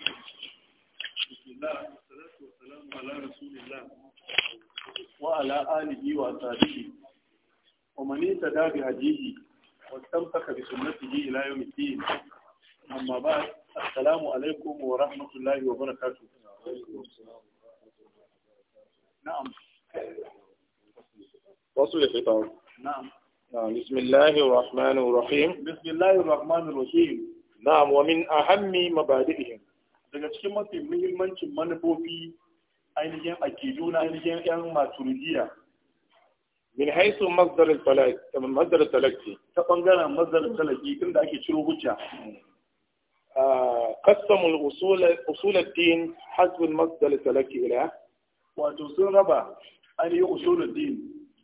بسم الله والصلاة والسلام على رسول الله وعلى آله وأصحابه ومن اهتدى بهديه واستمسك بسنته إلى يوم الدين أما بعد السلام عليكم ورحمة الله وبركاته نعم وصل الخطاب نعم. نعم بسم الله الرحمن الرحيم بسم الله الرحمن الرحيم نعم ومن أهم مبادئهم daga cikin mafi muhimmancin manufofi ainihin akidu na ainihin yan maturidiya min haisu masdar talaki ta bangaren masdar talaki tun da ake ciro hujja qassamul usul din hasbin al talaki ila wato sun raba ainihin usul din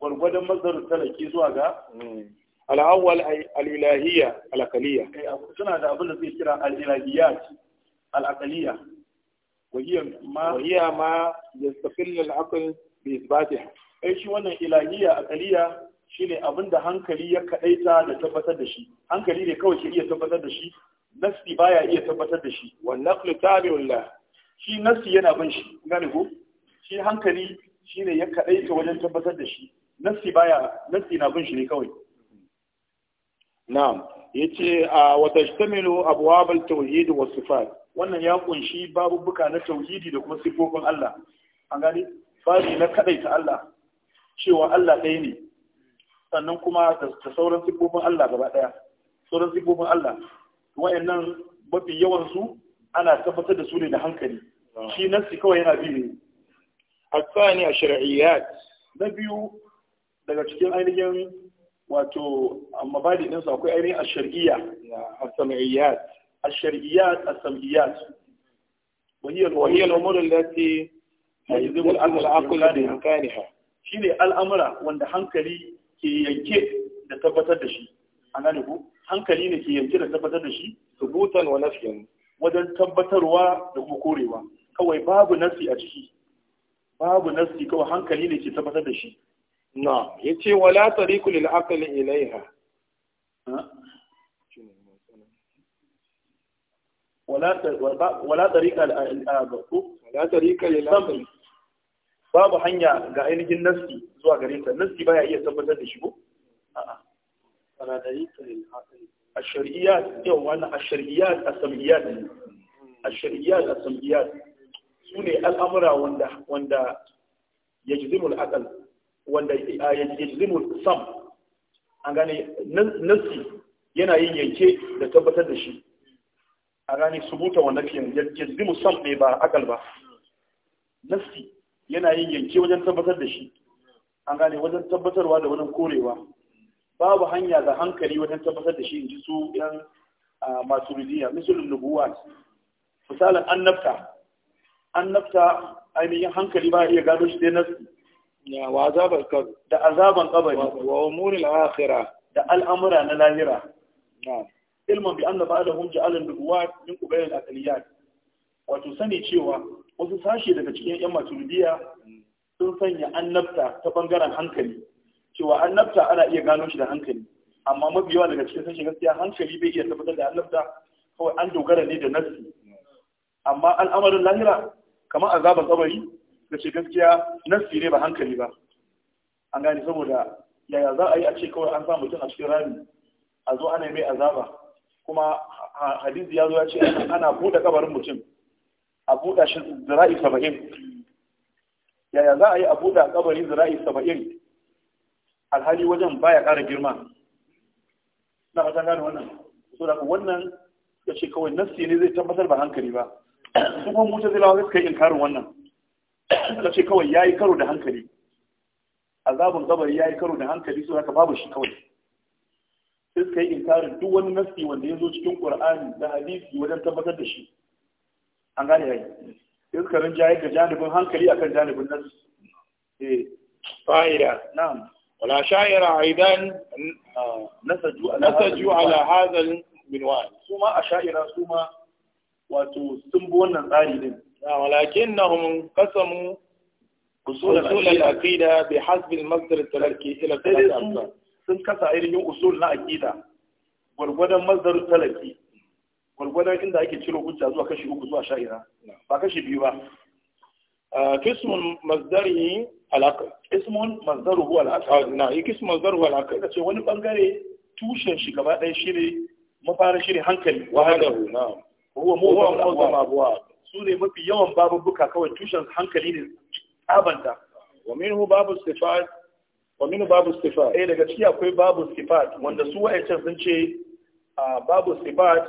gwargwadon masdar talaki zuwa ga hmm. al'awwal al'ilahiyya al'akaliyya eh, suna da abin da zai kira al al'aqaliyya wa hiya ma wa hiya ma yastaqill al-aql bi shi wannan ilahiyya aqaliyya shine abinda hankali ya kadaita da tabbatar da shi hankali ne kawai ke iya tabbatar da shi nafsi baya iya tabbatar da shi wa naqlu tabi'un shi nafsi yana bin shi gane shi hankali ya wajen tabbatar da shi na bin shi ne kawai na'am yace a wa tajtamilu abwab at-tauhid wa sifat wannan ya kunshi babubuka na tauhidi da kuma sifofin Allah an gani fari na Allah cewa Allah ɗaya ne sannan kuma da sauran sifofin Allah gaba ɗaya sauran sifofin Allah wa'annan mafi yawan su ana tabbatar da su ne da hankali shi nafsi kawai yana biyu ne asani a shari'iyyat na biyu daga cikin ainihin wato mabadi ɗinsu akwai ainihin ashari'iyya as-sam'iyyat ashari'iyya as-sam'iyyat وهي الأمور da يجب العقل Shi ne al'amura wanda hankali ke yanke da tabbatar da shi A gane ku hankali ne ke yanke da tabbatar da shi subutan wa nafiyan wajen tabbatarwa da kuma kawai babu nasi a ciki babu nasi kawai hankali ne ke tabbatar da shi na ya ce wala tariku lil aqli ilaiha wala tariqa ka lil ah, aqli babu hanya ga ainihin nasti zuwa gare ta nasti baya iya tabbatar da shi ko a'a wala tariqa lil aqli wanda zimu sam an gane nassi yana yin yanke da tabbatar da shi a gane subuta wa yanke zimu sam ne ba akal ba nassi yana yin yanke wajen tabbatar da shi an gane wajen tabbatarwa da wajen korewa babu hanya da hankali wajen tabbatar da shi in ji su yan masu rijiya misalin nubuwa misalin annabta annabta ainihin hankali ba iya gano shi dai nassi wa azabar da azaban kabari wa al akhirah da al'amura na lahira na'am ilman bi anna ba'dahum ja'ala nubuwat min qubayl al-aqliyat wato sani cewa wasu sashi daga cikin yan maturidiya sun sanya annabta ta bangaren hankali cewa annabta ana iya gano shi da hankali amma mafi yawa daga cikin sashi gaskiya hankali bai iya tabbatar da annabta kawai an dogara ne da nafsi amma al'amarin lahira kamar azaban kabari da ce gaskiya nassi ne ba hankali ba an gane saboda yaya za a yi a ce kawai an sa mutum a cikin rami a zo ana mai azaba kuma hadisi ya zo ya ce ana buɗe kabarin mutum a buɗe shi zira'i saba'in yaya za a yi a buɗe kabarin zira'i saba'in alhali wajen baya ƙara girma na fatan gane wannan so da wannan ya ce kawai nassi ne zai tabbatar ba hankali ba su kuma mutu zai lawa suka yi inkarin wannan suka ce kawai ya yi karo da hankali azabin kabari ya yi karo da hankali su haka babu shi kawai sai suka yi inkarin duk wani nasi wanda ya zo cikin ƙur'ani da hadisi wajen tabbatar da shi an gane yayi sai suka rinjaye da janibin hankali akan janibin nasi eh fa'ida na'am wala sha'ira aidan nasaju ah, ala nasaju ala hadha minwan su a asha'ira su wato sun bi wannan tsari din na walakin na hun kasamu usul al'aqida bi hasbi al-masdar talaki ila sun kasa irin usul na aqida gwargwadon masdar talaki gwargwadon inda ake ciro hujja zuwa kashi uku zuwa sha'ira ba kashi biyu ba kismun masdari al'aqal ismun masdaru huwa al'aqal na kismun masdaru wani bangare tushen shi gaba ɗaya mafara shine hankali wa hadahu su ne mafi yawan babubuka kawai tushen hankali ne tsabanta wa minhu babu sifat wa minhu babu sifat eh daga ciki akwai babu sifat wanda su wa'ancan sun ce babu sifat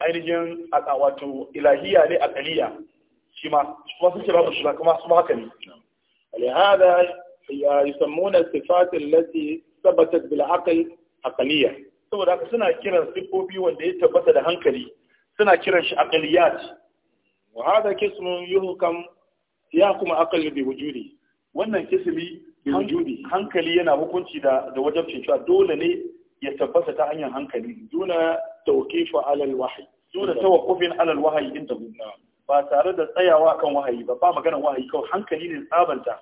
ainihin wato ilahiya ne kaliya shi ma ma sun ce babu shi kuma su ma haka ne لهذا يسمون الصفات التي ثبتت a عقلية saboda haka suna kiran sifofi wanda ya tabbata da hankali suna kiran shi aqliyat wa hada kismun yuhkam ya kuma akali bi wujudi wannan kismi bi hankali yana hukunci da da wajabcin cewa dole ne ya tabbata ta hanyar hankali duna tawqifu ala alwahyi duna tawaqqufin ala alwahyi inda gunna ba tare da tsayawa kan wahayi ba ba magana wahayi kawai hankali ne tsabanta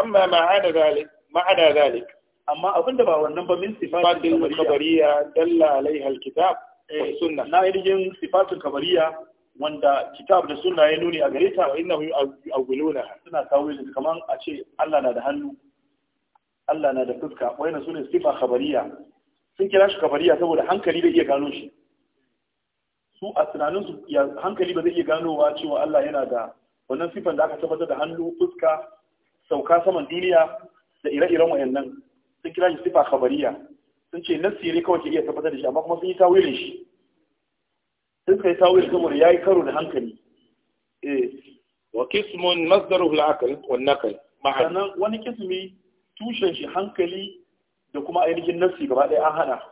amma ma'ana zalik ma'ana zalik amma abinda ba wannan ba min sifatin kabariya dalla alaiha alkitab wa eh, sunna na irin sifatin kabariya wanda kitab da sunna ya nuni a gare ta wa hu yu'awwiluna suna tawili kaman a ce Allah na da hannu Allah na da fuska inna sunna sifa khabariya sun kira shi khabariya saboda hankali da iya gano shi su a tunanin su hankali ba zai iya ganowa cewa Allah yana da wannan sifan da aka tabbatar da hannu fuska sauka saman duniya da ire-iren wayannan sun kira shi sifa khabariya sun ce nasiri kawai ke iya tabbatar da shi amma kuma sun yi tawilin shi sai suka yi tawil ya yi karo da hankali eh. wa kismun masdaruhu al-aql wa an-naql sannan wani kismi tushen shi hankali da kuma ainihin nafsi gaba ɗaya an hada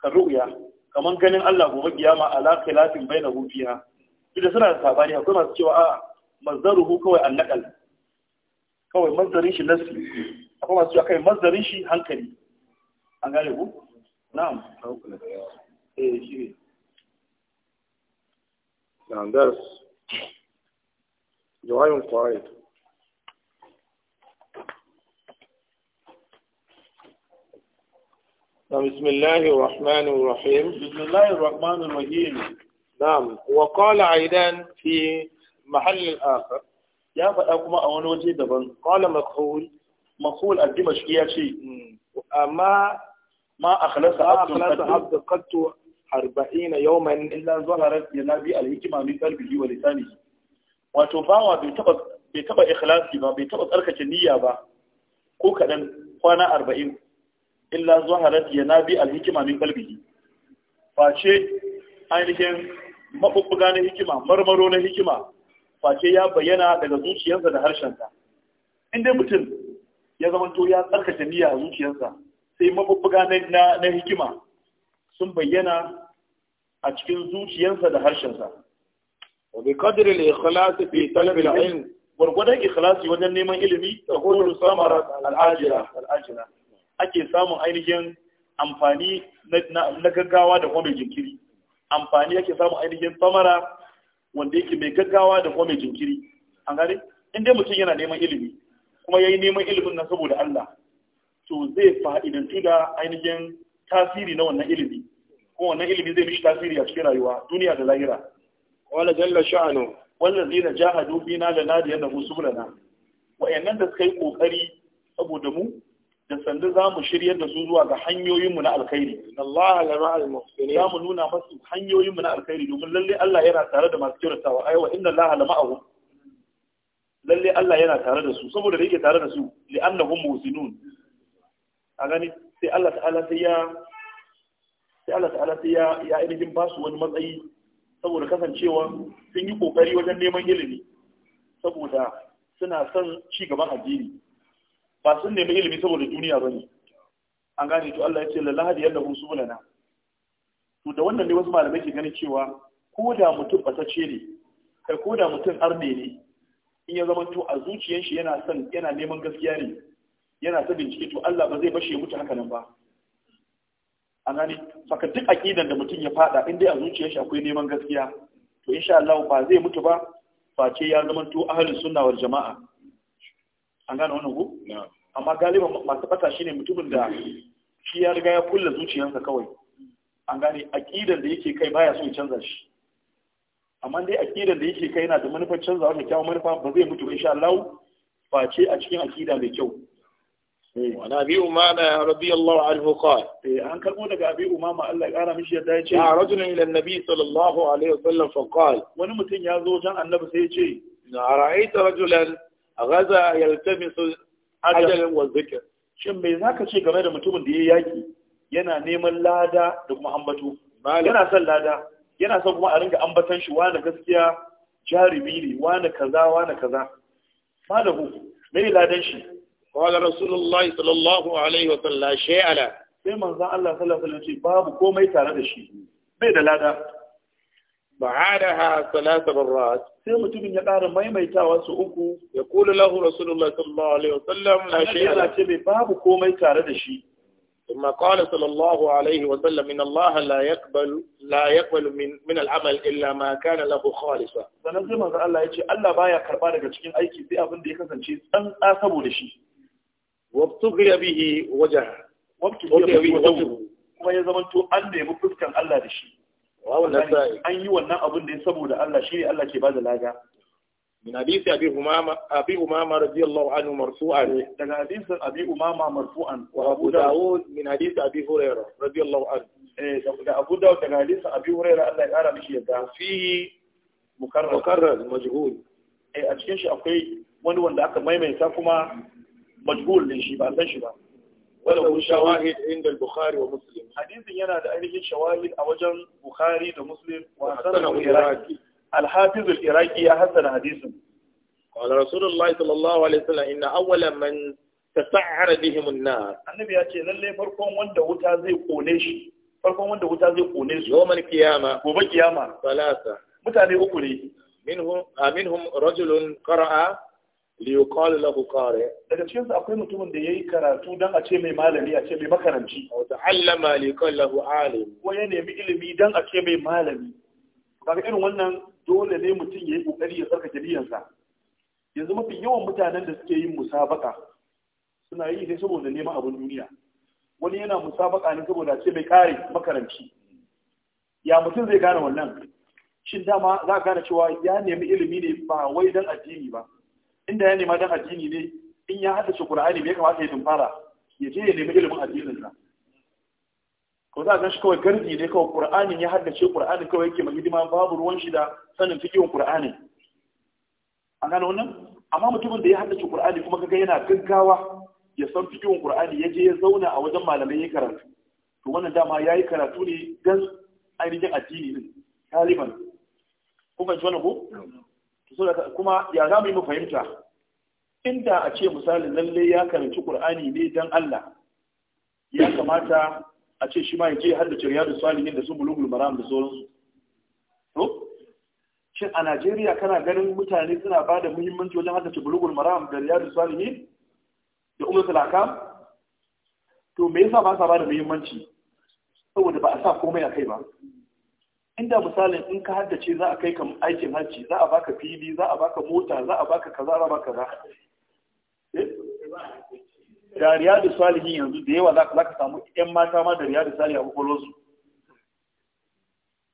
ka ru'ya kaman ganin Allah gobe kiyama ala khilafin bainahu fiha idan suna da sabani akwai masu cewa a masdaruhu kawai an-naql kawai masdarin shi nafsi akwai masu cewa kai masdarin shi hankali an gane ku na'am eh shi ne نعم درس دعاء القائد نعم، بسم الله الرحمن الرحيم بسم الله الرحمن الرحيم نعم وقال عيدان في محل آخر يا فأكما أولا وجه دبن قال مقهول مقهول الدمشقي يا شيء أما ما أخلص عبد قد arba'ina yawman illa zaharat yalabi alhikma min qalbihi wa lisanihi wato bawa bai taba bai taba ikhlasi ba bai taba tsarkake niyya ba ko kadan kwana 40 illa zaharat yanabi alhikma min qalbihi face ainihin mabubbuga na hikima marmaro na hikima face ya bayyana daga zuciyarsa da harshensa in dai mutum ya zama to ya tsarkake niyya a zuciyarsa sai mabubbuga na hikima sun bayyana a cikin zuciyarsa da harshensa wa bi qadri al-ikhlas fi talab al-ilm gurgudan ikhlasi wajen neman ilimi da kullu samara al-ajira al-ajira ake samun ainihin amfani na gaggawa da kuma mai jinkiri amfani yake samun ainihin samara wanda yake mai gaggawa da kuma mai jinkiri an gane in dai mutum yana neman ilimi kuma yayi neman ilimin nan saboda Allah to zai fa'idantu da ainihin tasiri na wannan ilimi kuma wannan ilimi zai mishi tasiri a cikin rayuwa duniya da lahira wala jalla sha'anu wallazina jahadu fina lanadiyannahu subulana wayannan da suka yi kokari saboda mu da sanda za mu shiryar da su zuwa ga hanyoyinmu na alkhairi Allah la ma'al muhsinin za mu nuna masu hanyoyinmu na alkhairi domin lalle Allah yana tare da masu kyautatawa aiwa inna Allah la ma'ahu lalle Allah yana tare da su saboda da yake tare da su li'annahum muhsinun a gani sai Allah ta'ala sai ya ya ainihin ba su wani matsayi saboda kasancewa sun yi kokari wajen neman ilimi saboda suna son ci gaban addini ba sun nemi ilimi saboda duniya ba ne an gane to Allah ya ce la hadi yalla subulana to da wannan ne wasu malamai ke ganin cewa ko da mutum batacce ne kai ko da mutum arne ne in ya zama to a zuciyar yana son yana neman gaskiya ne yana ta bincike to Allah ba zai bashe mutu haka nan ba an gani saka duk aqidan da mutum ya fada inda a zuciyar shi akwai neman gaskiya to insha Allah ba zai mutu ba face ya zama to ahlus sunna wal jama'a an gani wannan ku amma galiban masu fata shine mutumin da shi ya riga ya kulla zuciyarsa kawai an gani aqidan da yake kai baya so ya canza shi amma dai aqidan da yake kai yana da manufar canzawa da kyawun manufa ba zai mutu ba insha Allah face a cikin aqida mai kyau وعن أبي أمامة رضي الله عنه قال عن كلمة أبي أمامة الله قال مش يدعي جاء رجل إلى النبي صلى الله عليه وسلم فقال ونمتن يازو جان النبي سيجي رأيت رجلا غزا يلتمس أجل والذكر shin me za ka ce game da mutumin da ya yaki yana neman lada da kuma yana son lada yana son kuma a ringa ambatan shi wani gaskiya jarumi ne wani kaza wani kaza ladan shi qala rasulullahi sallallahu alaihi wa sallam shay'ala sai manzon Allah sallallahu alaihi wa sallam babu komai tare da shi bai da lada ba'adaha salasa barrat sai mutumin ya ƙara maimaitawa su uku ya kula lahu rasulullahi sallallahu alaihi wa sallam la shay'a ce bai babu komai tare da shi ثم قال صلى الله عليه وسلم إن الله لا يقبل yaqbal min من من العمل إلا ما كان له خالصا. sannan sai manzo Allah ya ce Allah baya karba daga cikin aiki sai abin da ya kasance tsan saboda shi. wabtughiya bihi wajha wabtughiya bihi wajhu kuma ya zamanto an nemi fuskan Allah da shi an yi wannan abin da saboda Allah shi ne Allah ke bada lada min hadisi abi umama abi umama radiyallahu anhu marfu'an eh, daga hadisin abi umama marfu'an wa abu dawud min hadisi abi hurairah radiyallahu anhu eh abu dawud daga hadisin abi hurairah Allah ya kara mishi yadda fi mukarrar mukarrar majhul eh a cikin shi akwai wani wanda aka maimaita kuma مجهول من ما فيش ما ولو شواهد عند البخاري ومسلم حديث ينا ده أيه شواهد أوجن بخاري ومسلم وحسن العراقي الحافظ العراقي أحسن حديثه قال رسول الله صلى الله عليه وسلم إن أول من تسعر بهم النار النبي أتينا اللي فرقهم وندا وتعزي قونيش فرقهم وندا وتعزي قونيش يوم القيامة يوم ثلاثة متى أبو منهم آه، منهم رجل قرأ liyuqalu lahu qari daga cikinsu su akwai mutumin da ya yi karatu don a ce mai malami a ce mai makaranci wata ta'allama liyuqalu lahu alim ko ya nemi ilimi don a ce mai malami kaga irin wannan dole ne mutum ya yi kokari ya sarka jiliyansa yanzu mafi yawan mutanen da suke yin musabaka suna yi ne saboda neman abin duniya wani yana musabaka ne saboda ce mai kare makaranci ya mutum zai gane wannan shin dama za a gane cewa ya nemi ilimi ne ba wai dan addini ba inda ya nema dan addini ne in ya haddace Qur'ani bai kamata ya tumfara ya je ya nemi ilimin addinin sa ko za a ganshi shi kawai gardi ne kawai Qur'ani ya haddace Qur'ani kawai yake mai hidima babu ruwan shi da sanin fiqhin Qur'ani an gano wannan amma mutumin da ya haddace Qur'ani kuma kaga yana gaggawa ya san fiqhin Qur'ani ya je ya zauna a wajen malamai ya karanta to wannan dama yayi karatu ne dan ainihin addini ne taliban kuma ji wannan ko kuma ya za mu yi mafahimta fahimta inda a ce misali lalle ya karanci qur'ani ne dan Allah ya kamata a ce shi ma ya je haddace riyadu salihin da su bulugul maram da sauransu to shin a Najeriya kana ganin mutane suna ba da muhimmanci wajen haddace bulugul maram da riyadu salihin da umar talaka to me yasa ba sa ba da muhimmanci saboda ba a sa komai a kai ba inda misalin in ka haddace za a kai ka aikin hajji za a baka fili za a baka mota za a baka kaza za a baka kaza eh? da riyadu salihin yanzu da yawa za ka samu yan mata ma da riyadu salihin a kwakwalwarsu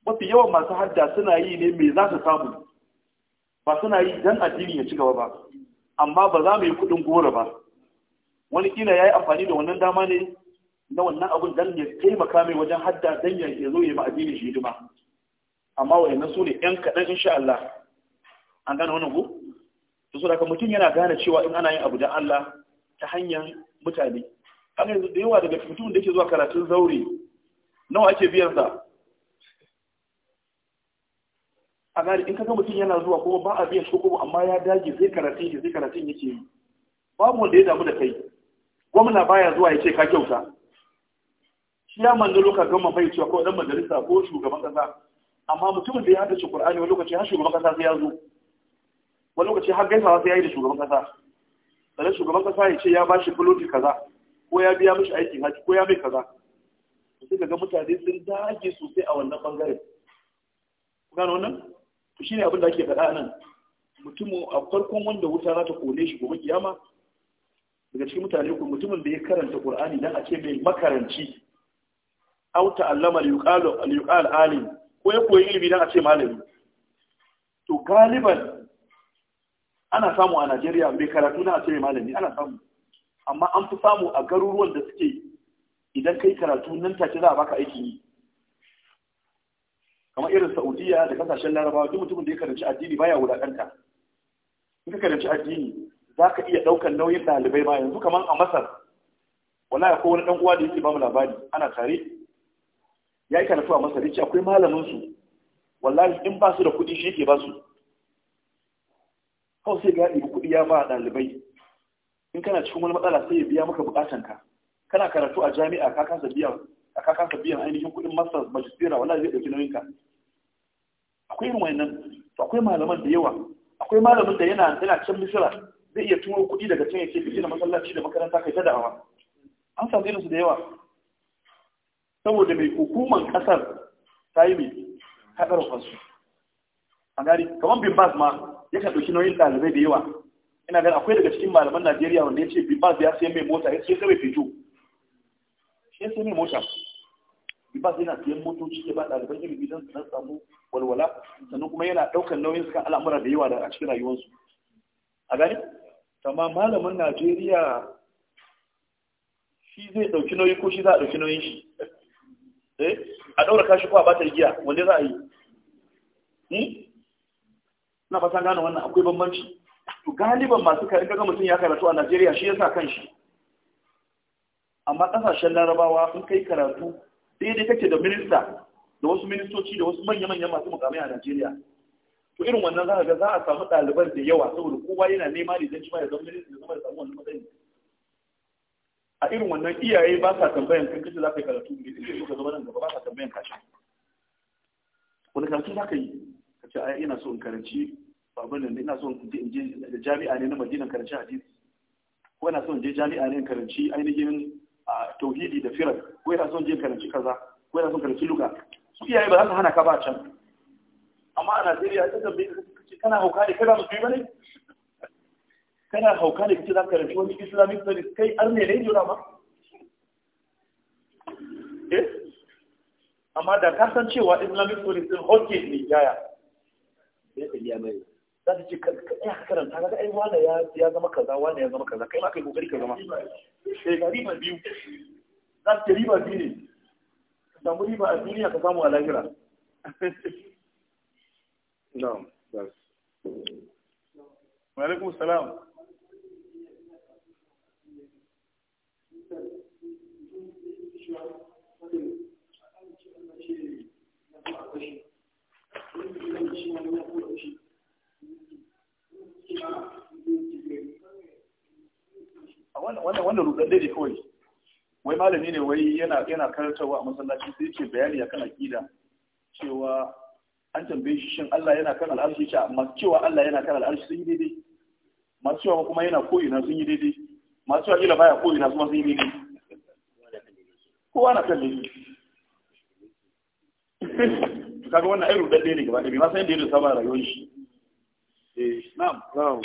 mafi yawan masu hadda suna yi ne me za su samu ba suna yi don addini ya ci gaba ba amma ba za mu yi kudin gora ba wani kila ya yi amfani da wannan dama ne na wannan abun don ya taimaka mai wajen hadda don ya zo ya ma addini shi hidima amma wayannan su ne yan kaɗan insha Allah an gane wannan ku to so daga mutum yana gane cewa in ana yin abu da Allah ta hanyar mutane haka yanzu da yawa daga mutumin da yake zuwa karatun zaure nawa ake biyan sa a gane in kaga mutum yana zuwa kuma ba a biyan shi kuma amma ya dage zai karatun shi zai karatun yake yi babu wanda ya damu da kai gwamna baya zuwa ya ce ka kyauta shi ya manzo ka gama bai cewa ko dan majalisa ko shugaban kasa amma mutumin da ya shi ƙur'ani, wani lokaci har shugaban ƙasa sai ya zo wani lokaci har gaisawa sai ya yi da shugaban ƙasa. sannan shugaban ƙasa ya ce ya ba shi buloti kaza ko ya biya mishi aikin haki ko ya mai kaza sai ga mutane sun dage sosai a wannan Ku gano wannan to shine abin da ake faɗa nan mutumin a farkon wanda wuta za ta kone shi gobe kiyama daga cikin mutane ku, mutumin da ya karanta ƙur'ani dan a ce mai makaranci Auta allama yuqalu al alim ko ya koyi ilimi don a ce malami to galiban ana samu a najeriya mai karatu na a ce malami ana samu amma an fi samu a garuruwan da suke idan kai karatu nan take za a baka aiki yi kamar irin saudiya da kasashen larabawa duk mutumin da ya karanci addini baya wulakanta in ka karanci addini za ka iya ɗaukar nauyin ɗalibai ma yanzu kamar a masar wala ko wani ɗan uwa da yake ba mu labari ana tare ya yi karatu a masar akwai malamin su wallahi in ba su da kuɗi shi ke ba su kawai sai ga ɗibi kuɗi ya ba ɗalibai in kana cikin wani matsala sai ya biya maka buƙatanka kana karatu a jami'a ka kasa biyan a ka kasa biyan ainihin kuɗin masa majistera wallahi zai ɗauki nauyinka akwai irin wannan, to akwai malaman da yawa akwai malamin da yana yana can misira zai iya tuwo kuɗi daga can ya ke ka gina masallaci da makaranta kai ta da'awa an samu irinsu da yawa saboda mai hukuman kasar ta yi mai ta ƙarfa a gari kamar bin bas ma yakan ɗauki nauyin ɗalibai da yawa ina gan akwai daga cikin malaman najeriya wanda ya ce bin bas ya sayan mai mota ya sayan mai fito ya sayan mai mota bin bas yana sayan motoci ya ba ɗaliban ilimi don su nan samu walwala sannan kuma yana ɗaukar nauyin su kan al'amura da yawa a cikin rayuwarsu a gani kama malaman najeriya shi zai ɗauki nauyi ko shi za a ɗauki nauyin shi eh a daura kashi ko a bata igiya wanda za a yi hmm? na fatan gane wannan akwai bambanci to galiban masu karin kaga mutum ya karatu a Najeriya shi yasa kanshi amma kasashen larabawa in kai karatu daidai kake da minista da wasu ministoci da wasu manya-manyan masu mukamai a Najeriya to irin wannan za a ga za a samu ɗaliban da yawa saboda kowa yana nema ne don ci ma ya zama minista ya zama da samu wannan matsayi. a irin wannan iyaye ba sa tambayan kan kace za ka yi karatu ne sai ka zama nan gaba ba sa tambayan kashi wani karatu za ka yi ka ce ai ina so in karanci babban nan ina so in je da jami'a ne na Madina karanci hadisi ko ina so in je jami'a ne in karanci ainihin tauhidi da firar ko ina so in je karanci kaza ko ina so in karanci luka su iyaye ba za su hana ka ba can amma a Najeriya ta tambaye ka kana hauka ne kana ba ne? kana hauka ne kace za ka rabi wani islamic studies kai an ne rediyo na ma eh amma da ka san cewa islamic studies din hockey ne jaya za ta ce ka karanta ga ai wani ya zama kaza wani ya zama kaza kai ma kai kokari ka zama sai ga riba biyu za ta riba biyu ne ka samu riba a duniya ka samu a lahira na'am wa alaikum salam wannan rudadde ne kawai wai malami ne wai yana karatarwa a masallaci sai ce bayani akan aqida cewa an tambaye shi shin Allah yana kan al'arshi ce amma cewa Allah yana kan al'arshi sun yi daidai masu cewa kuma yana na sun yi daidai masu cewa ila baya koyina kuma sun yi daidai kowa na kalle shi kaga wannan irin dadde ne gaba da bi ma san yadda ya saba rayuwar shi eh na'am na'am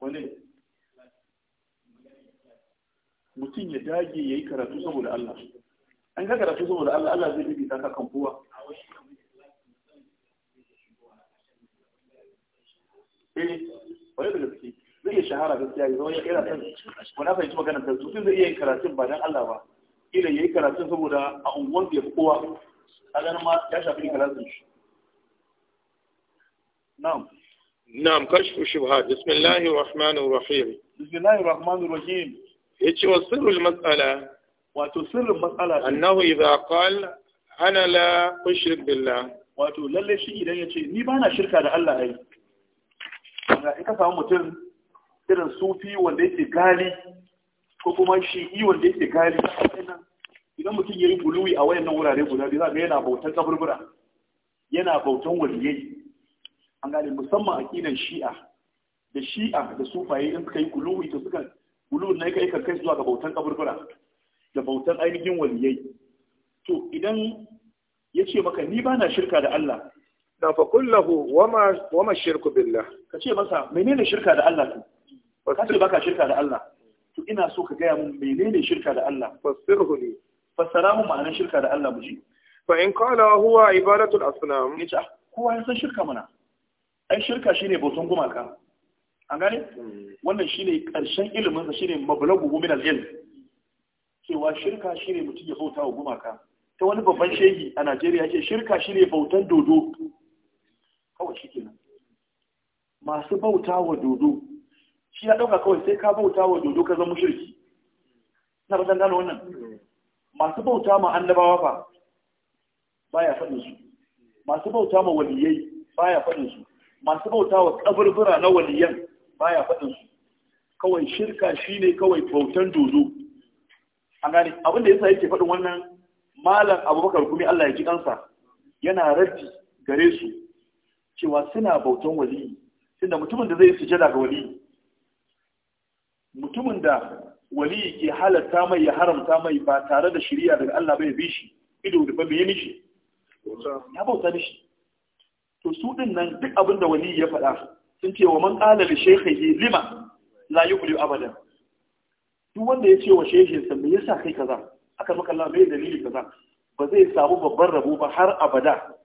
wani mutum ya dage ya yi karatu saboda Allah an ka karatu saboda Allah Allah zai bibi ta kan kowa eh wani daga ciki. zai iya shahara gaskiya ya zama ya kira san wani fahimci maganar ta su zai iya yin karatun ba dan Allah ba kila yayi karatun saboda a unguwar da kowa a ganin ma ya shafi karatun shi na'am na'am kashfu shubha bismillahir rahmanir rahim bismillahir rahmanir rahim yace wa sirrul mas'ala wato sirrin matsala annahu idza qala ana la ushrik billah wato lalle shi idan yace ni bana shirka da Allah ai in ka samu mutum irin sufi wanda yake gali ko kuma shi'i wanda yake gali idan mutum ya yi buluwi a wayannan wurare guda biyu za yana bautan kaburbura yana bautan waliyai an gane musamman aqidan shi'a da shi'a da sufaye in suka yi buluwi to suka buluwi na kai kai zuwa ga bautan kaburbura da bautan ainihin waliyai to idan ya ce maka ni ba na shirka da Allah na fa kullahu wa ma shirku billah ka ce masa menene shirka da Allah to ba baka shirka da Allah to ina so ka gaya mun menene shirka da Allah fasirhu li fassara mun ma'anar shirka da Allah muji fa in qala huwa al asnam yace ah, kowa ya san shirka mana ai shirka shine bautan gumaka an gane hmm. wannan shine karshen ilimin sa shine mablagu min al-ilm cewa shirka shine mutum ya bauta wa gumaka ta wani babban shehi a Najeriya ce shirka shine bautan dodo kawai shikenan masu bauta wa dodo shi ya ɗauka kawai sai ka bauta wa dodo ka zama shirki na ba gano wannan masu bauta ma annabawa ba baya faɗin su masu bauta ma waliyai baya faɗin su masu bauta wa kaburbura na waliyan baya faɗin su kawai shirka shine kawai bautan dodo an gane abin da yasa yake faɗin wannan malam abubakar kuma Allah ya ji kansa yana raddi gare su cewa suna bautan waliyi tunda mutumin da zai sujada ga waliyi mutumin da wali ke halatta mai ya haramta mai ba tare da shirya daga Allah bai bi shi ido da ba bai mishi ya bauta mishi to su din nan duk abin da wali ya faɗa sun ce wa man qala li shaykhihi lima la yuqli abada duk wanda ya ce wa shaykhin sa me yasa kai kaza aka maka Allah bai dalili kaza ba zai samu babban rabo ba har abada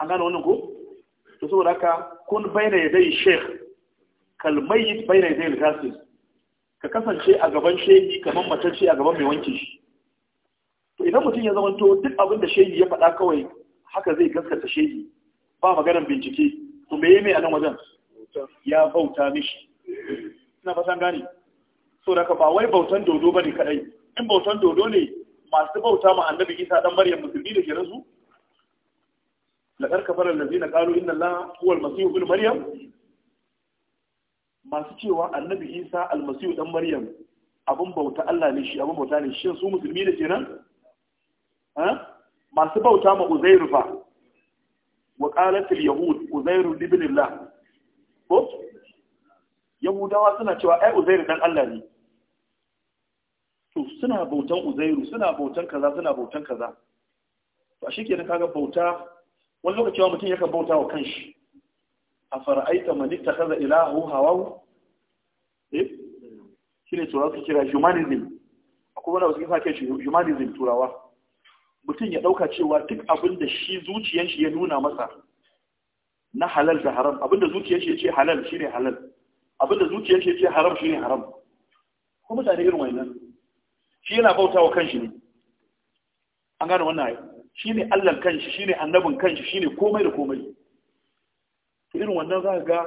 an gane wannan ko to saboda haka kun bayyana yadai shaykh kalmayit bayyana yadai al ka kasance a gaban shehi kamar matacce a gaban mai wanke shi to idan mutum ya zama to duk abin da shehi ya faɗa kawai haka zai gaskata shehi ba maganar bincike to me mai a nan wajen ya bauta mishi ina fatan gane so ka ba wai bautan dodo bane kadai in bautan dodo ne masu bauta ma annabi isa dan maryam musulmi da ke rasu laqad kafara allazina qalu inna allaha huwa al-masih ibn maryam masu cewa annabi isa almasihu dan maryam abin bauta Allah ne shi abin bauta ne shi, su musulmi ne kenan masu bauta ma uzairu fa wa qalat al yahud uzairu ibn Allah ko yahudawa suna cewa ai uzairu dan Allah ne to suna bautan uzairu suna bautan kaza suna bautan kaza to shikenan kaga bauta wani lokaci mutum yakan bauta wa kanshi a fara'aita mani ta kaza ilahu hawawu shi ne turawa su kira humanism akwai wanda wasu kisa ke humanism turawa mutum ya ɗauka cewa duk abin da shi zuciyar shi ya nuna masa na halal da haram abin da zuciyar shi ya ce halal shi ne halal abin da zuciyar shi ya ce haram shi ne haram ko mutane irin wannan shi yana bauta wa kanshi ne an gane wannan shi ne allan kanshi shi ne annabin kanshi shi ne komai da komai irin wannan za ga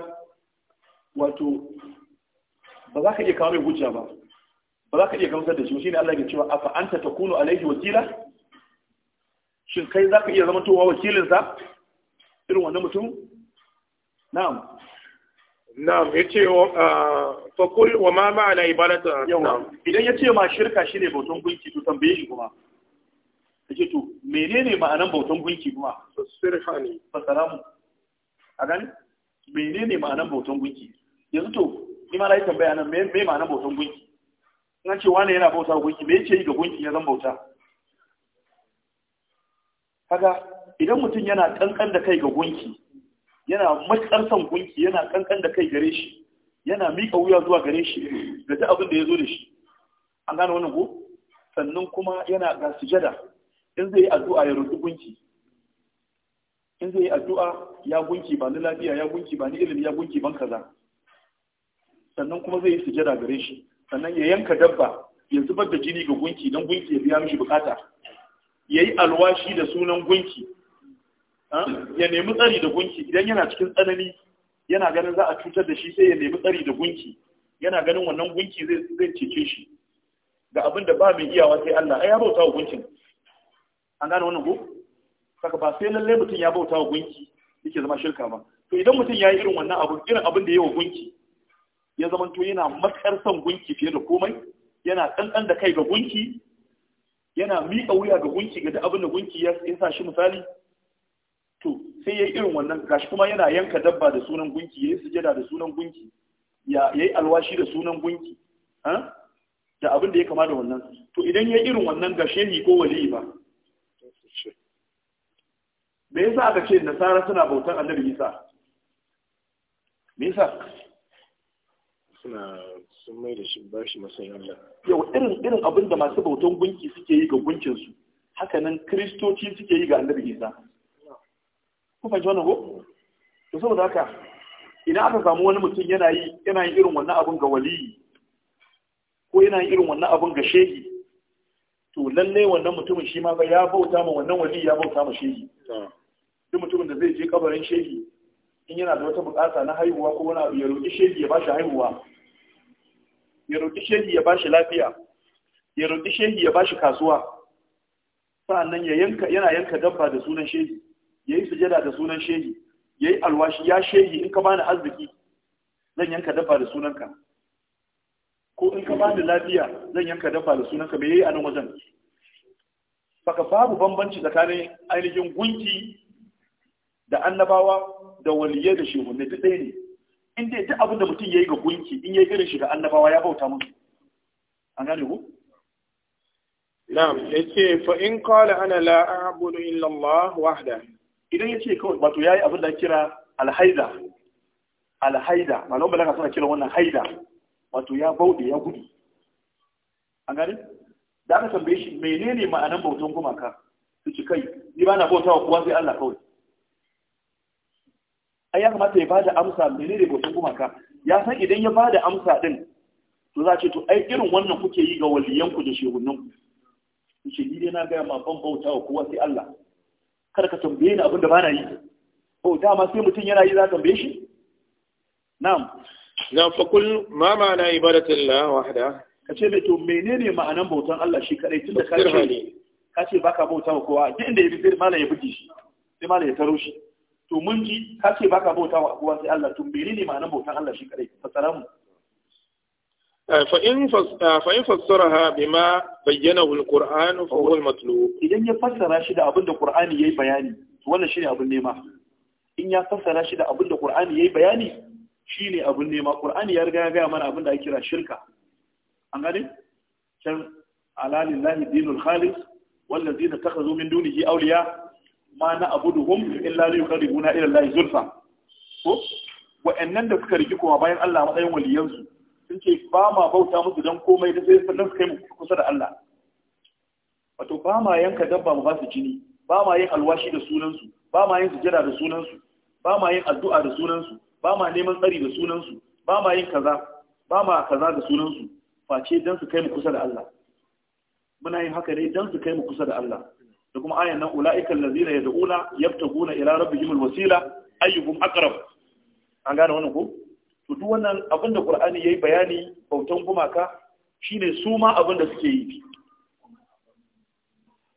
wato ba za ka iya kawo mai hujja ba ba za ka iya gamsar da shi ne Allah ke cewa afa anta takunu alaihi wakila shin kai za ka iya zama towa wakilinsa irin wannan mutum na'am na'am yace fa kul wa ma ma'ana ibadatu na'am idan yace ma shirka shine bautan gunki to tambaye shi kuma yace to menene ma'anan bautan gunki kuma sirhani fasalamu a gani menene ma'anar bautan gunki yanzu to ni ma na yi tambaya nan me ma'anar bautan gunki ina ce wane yana bauta gunki me yake yi ga gunki ya zan bauta kaga idan mutum yana kankan da kai ga gunki yana matsar son gunki yana kankan da kai gare shi yana miƙa wuya zuwa gare shi da ta abin da ya zo da shi an gane wannan ko sannan kuma yana ga sujada in zai yi addu'a ya roƙi gunki in zai yi addu'a ya gunki ba ni lafiya ya gunki ba ni ilimi ya gunki ban kaza sannan kuma zai yi sujada gare shi sannan ya yanka dabba ya zubar da jini ga gunki don gunki ya biya mishi bukata ya yi alwashi da sunan gunki ah, ya nemi tsari da gunki idan yana cikin tsanani yana ganin za a cutar da shi sai ya nemi tsari da gunki yana ganin wannan gunki zai cece shi ga abin da ba mai iyawa sai Allah ai ya bauta wa gunkin an gane wannan ko saka ba sai lallai mutum ya bauta wa gunki yake zama shirka ba to idan mutum ya yi irin wannan abu irin abin da ya wa gunki ya zama to yana matsar son gunki fiye da komai yana ɗanɗan da kai ga gunki yana miƙa wuya ga gunki ga da abin da gunki ya sa shi misali to sai ya yi irin wannan gashi kuma yana yanka dabba da sunan gunki ya yi sujada da sunan gunki ya yi alwashi da sunan gunki ah, da abin da ya kama da wannan to idan ya yi irin wannan ga ni ko waliyi ba me yasa aka ce nasara suna bautan annabi isa me yasa suna sun mai da shi bashi masayin Allah yau irin irin abin da masu bautan gunki suke yi ga gunkin su hakanan kristoci suke yi ga annabi isa ku fahimci wannan ko to saboda haka idan aka samu wani mutum yana yi yana yin irin wannan abin ga waliyi ko yana yin irin wannan abin ga shehi to lallai wannan mutumin shi ma ya bauta ma wannan waliyi ya bauta ma shehi duk mutumin da zai je kabarin shehi in yana da wata bukata na haihuwa ko wani abu ya roƙi shehi ya shi haihuwa ya roƙi shehi ya ba shi lafiya ya roƙi shehi ya ba shi kasuwa sa'annan ya yanka yana yanka dabba da sunan shehi yi sujada da sunan shehi yi alwashi ya shehi in ka bani arziki zan yanka dabba da sunanka ko in ka bani lafiya zan yanka dabba da sunanka me yayi a nan wajen baka babu bambanci tsakanin ainihin gunki da annabawa da waliyai da shehunne duk ɗaya ne in dai duk abin da mutum ya yi ga gunki in ya yi irin shi ga annabawa ya bauta musu an gane ku na'am yace fa in qala ana la a'budu illa Allah wahda idan yace kawai wato yayi abin da kira alhaida alhaida bala ka suna kira wannan haida wato ya bauɗe ya gudu an gane da aka tambaye shi menene ma'anar bautan gumaka su ci kai ni ba na bauta wa kowa sai Allah kawai ai ya kamata ya bada amsa menene goshin gumaka ya san idan ya bada amsa din to za ce to ai irin wannan kuke yi ga waliyanku da shehunan ku ce ni dai na gaya ma ban bauta wa kowa sai Allah kar ka tambaye ni abin da ba na yi ko oh, dama sai mutum yana yi za ka tambaye shi na'am na fakul ma ma'ana ibadatillah wahda ka ce mai to menene ma'anan bautan Allah shi kadai tunda ka ce ka ce baka bauta wa kowa duk inda ya bi malam ya buji shi sai malam ya taro shi to mun ji ka ce baka bauta wa kowa sai Allah to ne ma'anar bautan Allah shi kadai fassara mu eh, fa in eh, fa fassaraha bima bayyana alquran fa huwa almatlub idan ya fassara shi da abinda qur'ani yayi bayani to wannan shine abin nema in ya fassara shi da abinda qur'ani yayi bayani shine abin nema qur'ani ya riga ya ga mana abinda ake kira shirka an gane can alalillahi dinul khalis والذين اتخذوا min dunihi awliya ma na abuduhum illa li yuqarribuna ila Allah zulfa ko Wa annan da suka riki kuma bayan Allah matsayin waliyansu sun ce ba ma bauta musu don komai da sai sannan su kai mu kusa da Allah wato ba ma yanka dabba mu ba su jini ba ma yin alwashi da sunansu ba ma yin sujada da sunansu ba ma yin addu'a da sunansu ba ma neman tsari da sunansu ba ma yin kaza ba ma kaza da sunansu face don su kai mu kusa da Allah muna yin haka ne don su kai mu kusa da Allah da kuma ayan nan ula'ika allazina yad'una yabtaguna ila rabbihim alwasila ayyuhum aqrab an gane wannan ko to duk wannan abin da qur'ani yayi bayani bautan gumaka shine su ma abin da suke yi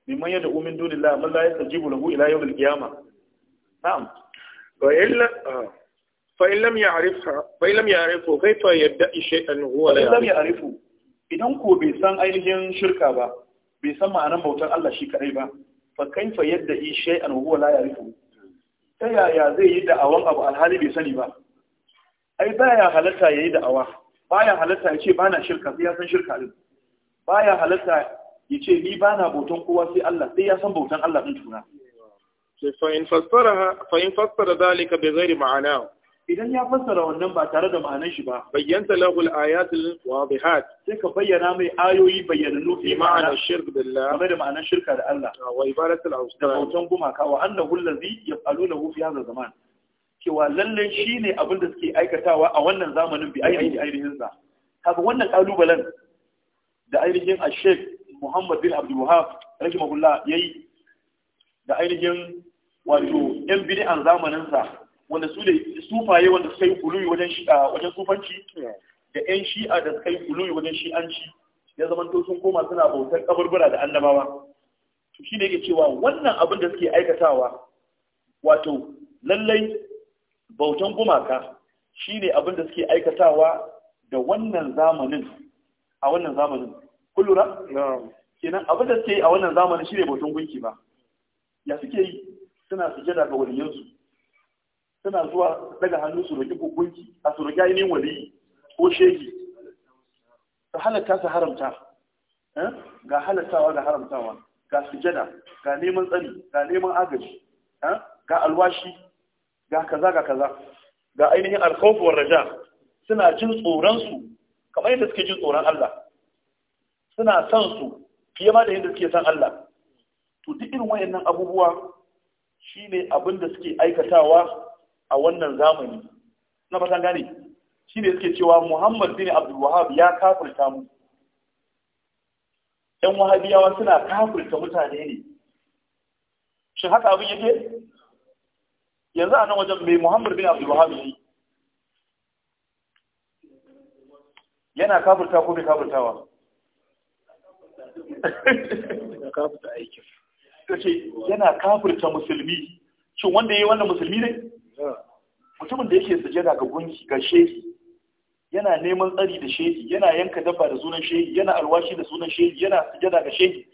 mimman yadda min dunillah man la yastajibu lahu ila yawm alqiyama na'am wa illa ah, fa in lam ya'rifha fa in lam ya'rifu kayfa yad'i shay'an huwa la ya'rifu idan ko bai san ainihin shirka ba bai san ma'anar bautar Allah shi kadai ba fa kaifa yadda yi an huwa la ya'rifu ta yaya zai yi da'awan abu alhali bai sani ba ai baya halatta yayi da'awa baya halatta ya ce na shirka sai ya san shirka din baya halatta ya ce ni na bautan kowa sai Allah sai ya san bautan Allah din tuna fa in fassara fa in fassara dalika bi ghairi ma'anahu idan ya fassara wannan ba tare da ma'anar shi ba bayyanta lahul ayatul wadihat sai ka bayyana mai ayoyi bayyananu fi ma'ana shirk billah game da ma'anar shirka da Allah ah, wa ibadatul awsan da bautan ka wa annahu allazi yaf'alunahu fi hadha zaman cewa lalle shine abin da suke aikatawa a wannan zamanin bi ainihin ainihin sa kaga wannan kalubalen da ainihin ashek Muhammad bin Abdul Wahab rahimahullah yayi da ainihin wato yan bid'an zamanin sa wanda su ne sufaye wanda suka yi kuluyi wajen wajen sufanci da yan shi'a da suka yi kuluyi wajen shi'anci ya zama to sun koma suna bautar kaburbura da annabawa to shine yake cewa wannan abin da suke aikatawa wato lallai bautan gumaka shine abin da suke aikatawa da wannan zamanin a wannan zamanin kullura kenan abin da suke yi a wannan zamanin shine bautan gunki ba ya suke yi suna sujada ga waliyansu suna zuwa daga hannu su roƙi hukunci a su roƙi ainihin waliyi ko shegi ka halatta su haramta eh? ga halattawa ga haramtawa ga sujada ga neman tsari ga neman agaji eh? ga alwashi ga kaza ga kaza ga ainihin alkawfuwar raja suna jin tsoron su kamar yadda suke jin tsoron Allah suna son su fiye ma da yadda suke son Allah to duk irin wayannan abubuwa shine abin da suke aikatawa a wannan zamani na fatan gane shi ne suke cewa muhammad bin abdulwahab ya kafirta mu yan wahabiyawa suna kafirta mutane ne shi haka abin yake yanzu a nan wajen mai muhammad bin abdulwahab wahab yi yana kafirta ko bai kafirtawa kafirta aikin yana kafirta musulmi shin wanda ya yi wannan musulmi ne mutumin da yake sujada ga gunki ga shehi yana neman tsari da shehi yana yanka dabba da sunan shehi yana alwashi da sunan shehi yana sujada ga shehi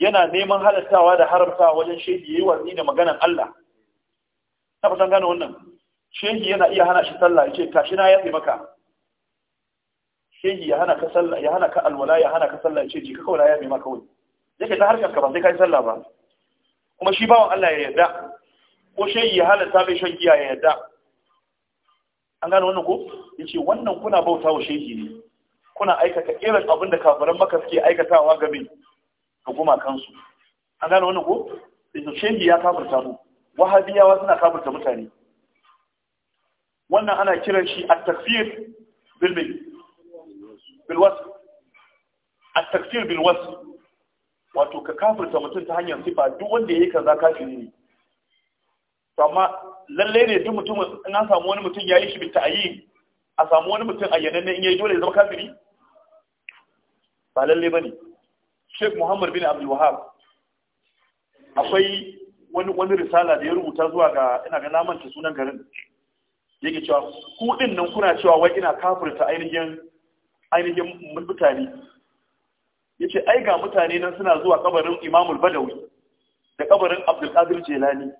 yana neman halattawa da haramtawa wajen shehi yayi watsi da maganan Allah na fatan gane wannan shehi yana iya hana shi sallah yace tashi na yafe maka shehi ya hana ka sallah ya hana ka alwala ya hana ka sallah yace ji ka kawai ya yafe maka wani yake ta harkar ka ba sai ka yi sallah ba kuma shi bawan Allah ya yarda ko shayi ya halatta mai shan giya ya yadda an gane wannan ko ya ce wannan kuna bauta wa shehi ne kuna aikata irin abin da kafiran maka suke aikatawa game ga gumakansu an gane wannan ko da shehi ya kafirta mu wahabiyawa suna kafirta mutane wannan ana kiran shi a takfir bilbil bilwas a takfir bilwas wato ka kafirta mutum ta hanyar sifa duk wanda ya yi kaza kafiri ne to amma lalle ne duk mutum in an samu wani mutum yayi shi bita ayi a samu wani mutum ayyanan in yayi dole ya zama kafiri ba lalle bane Sheikh Muhammad bin Abdul Wahhab akwai wani wani risala da ya rubuta zuwa ga ina ga ta sunan garin yake cewa ku din nan kuna cewa wai ina kafirta ainihin ainihin mutane yace ai ga mutane nan suna zuwa kabarin Imamul Badawi da kabarin Abdul Qadir Jilani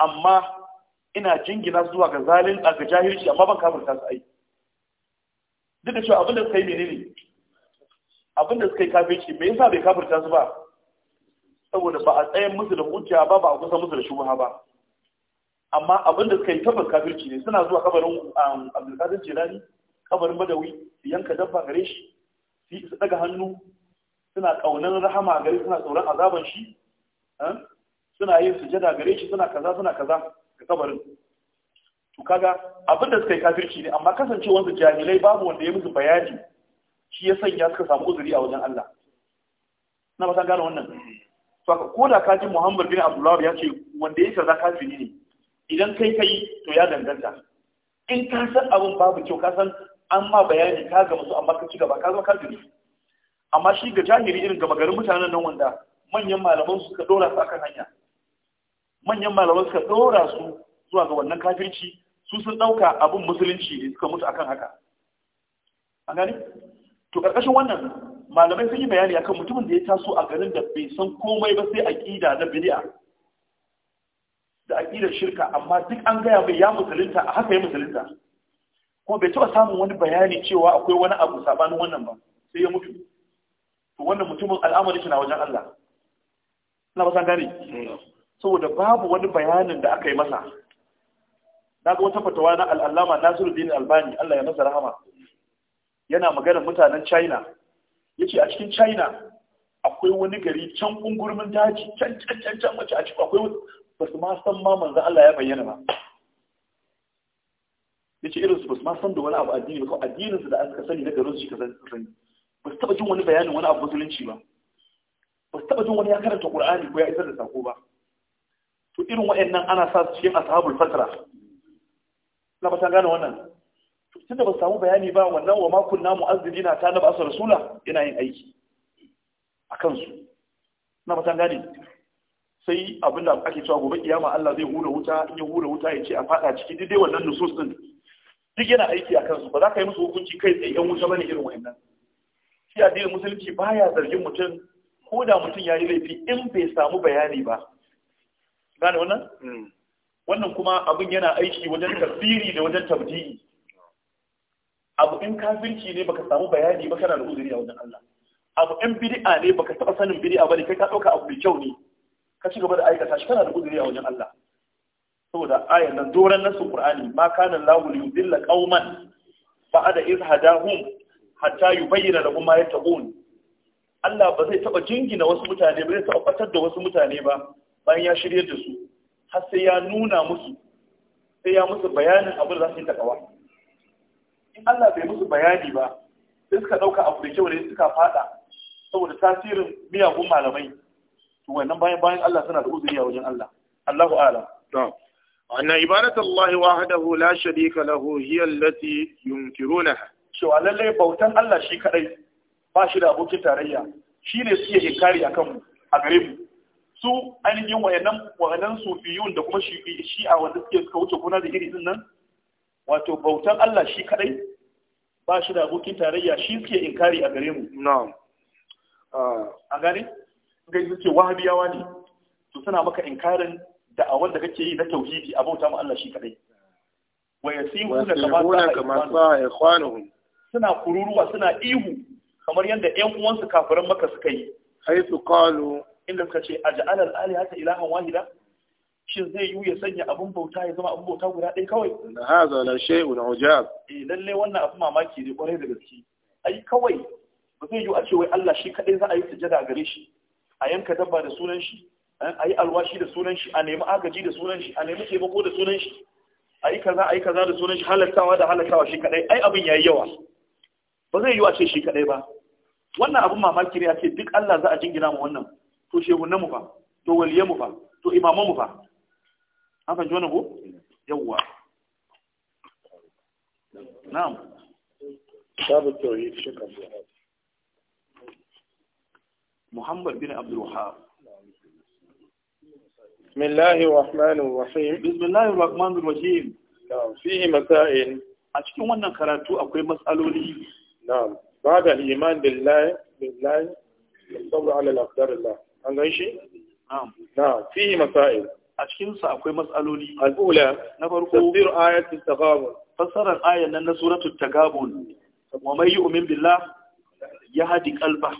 amma ina jingina zuwa ga zalin a ga jahilci amma ban kafin su ai duk da cewa abin da suka yi menene abin da suka yi kafirci me yasa bai kafirta su ba saboda ba a tsayin musu da hujja ba ba a kusa musu da shubha ba amma abin da suka yi tabbas kafirci ne suna zuwa kabarin um, abdulkadir jilani kabarin badawi su yanka dabba gare shi su daga hannu suna ƙaunar rahama gare suna tsoron azaban shi eh? suna yin sujada gare shi suna kaza suna kaza ga kabarin to kaga abin da suka yi kafirci ne amma kasancewar su jahilai babu wanda ya musu bayani shi ya sanya suka samu uzuri a wajen Allah na ba san gane wannan to ko da ka ji Muhammad bin Abdullah ya ce wanda ya kaza kafiri ne idan kai kai to ya danganta in ka san abin babu kyau ka san an ma bayani ka ga musu amma ka ci gaba ka zama kafiri amma shi ga jahili irin gaba garin mutanen nan wanda manyan malaman su suka dora su akan hanya manyan malamai suka ɗora su zuwa ga wannan kafirci su sun ɗauka abin musulunci da suka mutu akan haka an gani to ƙarƙashin wannan malamai sun yi bayani akan mutumin da ya taso a garin da bai san komai ba sai aƙida na bidiya da aƙidar shirka amma duk an gaya mai ya musulunta a haka ya musulunta kuma bai taɓa samun wani bayani cewa akwai wani abu saɓanin wannan ba sai ya mutu to wannan mutumin al'amari shi na wajen Allah ina ba san gane mm. saboda babu wani bayanin da aka yi masa na ga wata fatawa na al'allama nasiruddin albani allah ya masa rahama yana maganar mutanen china ya ce a cikin china akwai wani gari can kungurmin daji can can can can a cikin akwai ba su ma san ma manzan allah ya bayyana ba ya ce irinsu ba su ma san da wani abu addini ba kawai addininsu da aka sani na garin shi ka sani ba su taɓa jin wani bayanin wani abu musulunci ba ba su taɓa jin wani ya karanta ƙur'ani ko ya isar da sako ba to irin wa'annan ana sa su cikin ashabul fatra na ba ta gane wannan tun da ba samu bayani ba wannan wa makon namu ta na tana ba su rasula yana yin aiki a kansu na ba ta gane sai abin da ake cewa gobe kiyama Allah zai hura wuta in ya hura wuta ya ce a fada cikin dai wannan nusus din duk yana aiki a kansu ba za ka yi musu hukunci kai tsaye yan wuta bane irin wa'annan shi addinin musulunci baya zargin mutum ko da mutum ya yi laifi in bai samu bayani ba gane wannan hmm. wannan kuma abin yana aiki wajen tafiri da wajen tabdii abu in kafirci ne baka samu bayani ba kana da uzuri a wajen Allah abu in bid'a ne baka taba sanin bid'a ba ne kai ka dauka abu mai kyau ne ka ci gaba da aikata shi kana da uzuri a wajen Allah saboda ayan nan doran nan su Qur'ani ma kana Allahu yudilla qauman ba'da iz hadahum hatta yubayyana lahum ma yattaqun Allah ba zai taba jingina wasu mutane ba zai taba fatar da wasu mutane ba bayan ya shirya da su har sai ya nuna musu sai ya musu bayanin abin da za su yi takawa in Allah bai musu bayani ba sai suka ɗauka a kyau wanda suka fada saboda tasirin miyagun malamai to wannan bayan bayan Allah suna da uzuri a wajen Allah Allahu a'lam أن عبادة الله wahdahu la sharika lahu hiya allati yunkirunaha شو على Bautan Allah shi kadai, ba shi da abokin tarayya shine suke inkari akan mu a gare mu su ainihin wayannan wayannan sufiyun da kuma shi'a wanda suke suka wuce gona da iri din nan wato bautan Allah shi kadai ba shi da abokin tarayya shi suke inkari a gare mu na'am a gane ga suke wahabiyawa ne to suna maka inkarin da'awar da kake yi na tauhidi a bauta Allah shi kadai wa yasimuna kama sa ikhwanuhum suna kururuwa suna ihu kamar yadda ƴan uwansu kafiran maka suka yi haythu qalu inda suka ce aj'al al-alihata ilahan wahida shin zai yi ya sanya abin bauta ya zama abin bauta guda ɗaya kawai na haza la shay'un ujab eh lalle wannan abin mamaki ne kwarai da gaske ai kawai ba zai yi a ce wai Allah shi kadai za a yi sujada a gare shi a yanka dabba da sunan shi eh, a yi alwashi da sunan shi a nemi agaji da sunan shi a nemi taimako da sunan shi a yi kaza a yi kaza da sunan shi halattawa da halattawa shi kadai ai abin yayi yawa ba zai yi a ce shi kadai ba wannan abin mamaki ne a ce duk Allah za a jingina mu wannan to shehunan mu fa to waliyan mu fa to imaman mu fa an fahimci wannan ko yawwa na'am shi tauhid shukran Muhammad bin Abdul Wahab بسم الله الرحمن الرحيم بسم الله الرحمن الرحيم نعم فيه مسائل أشكي وانا كراتو أكوي مسألولي نعم بعد الإيمان بالله بالله الصبر على الأقدار الله an gan shi na fihi masail a cikin akwai matsaloli al'ula na farko tafsir ayat tagabun fassarar ayan nan na suratu tagabun wa may yu'min billah yahdi qalba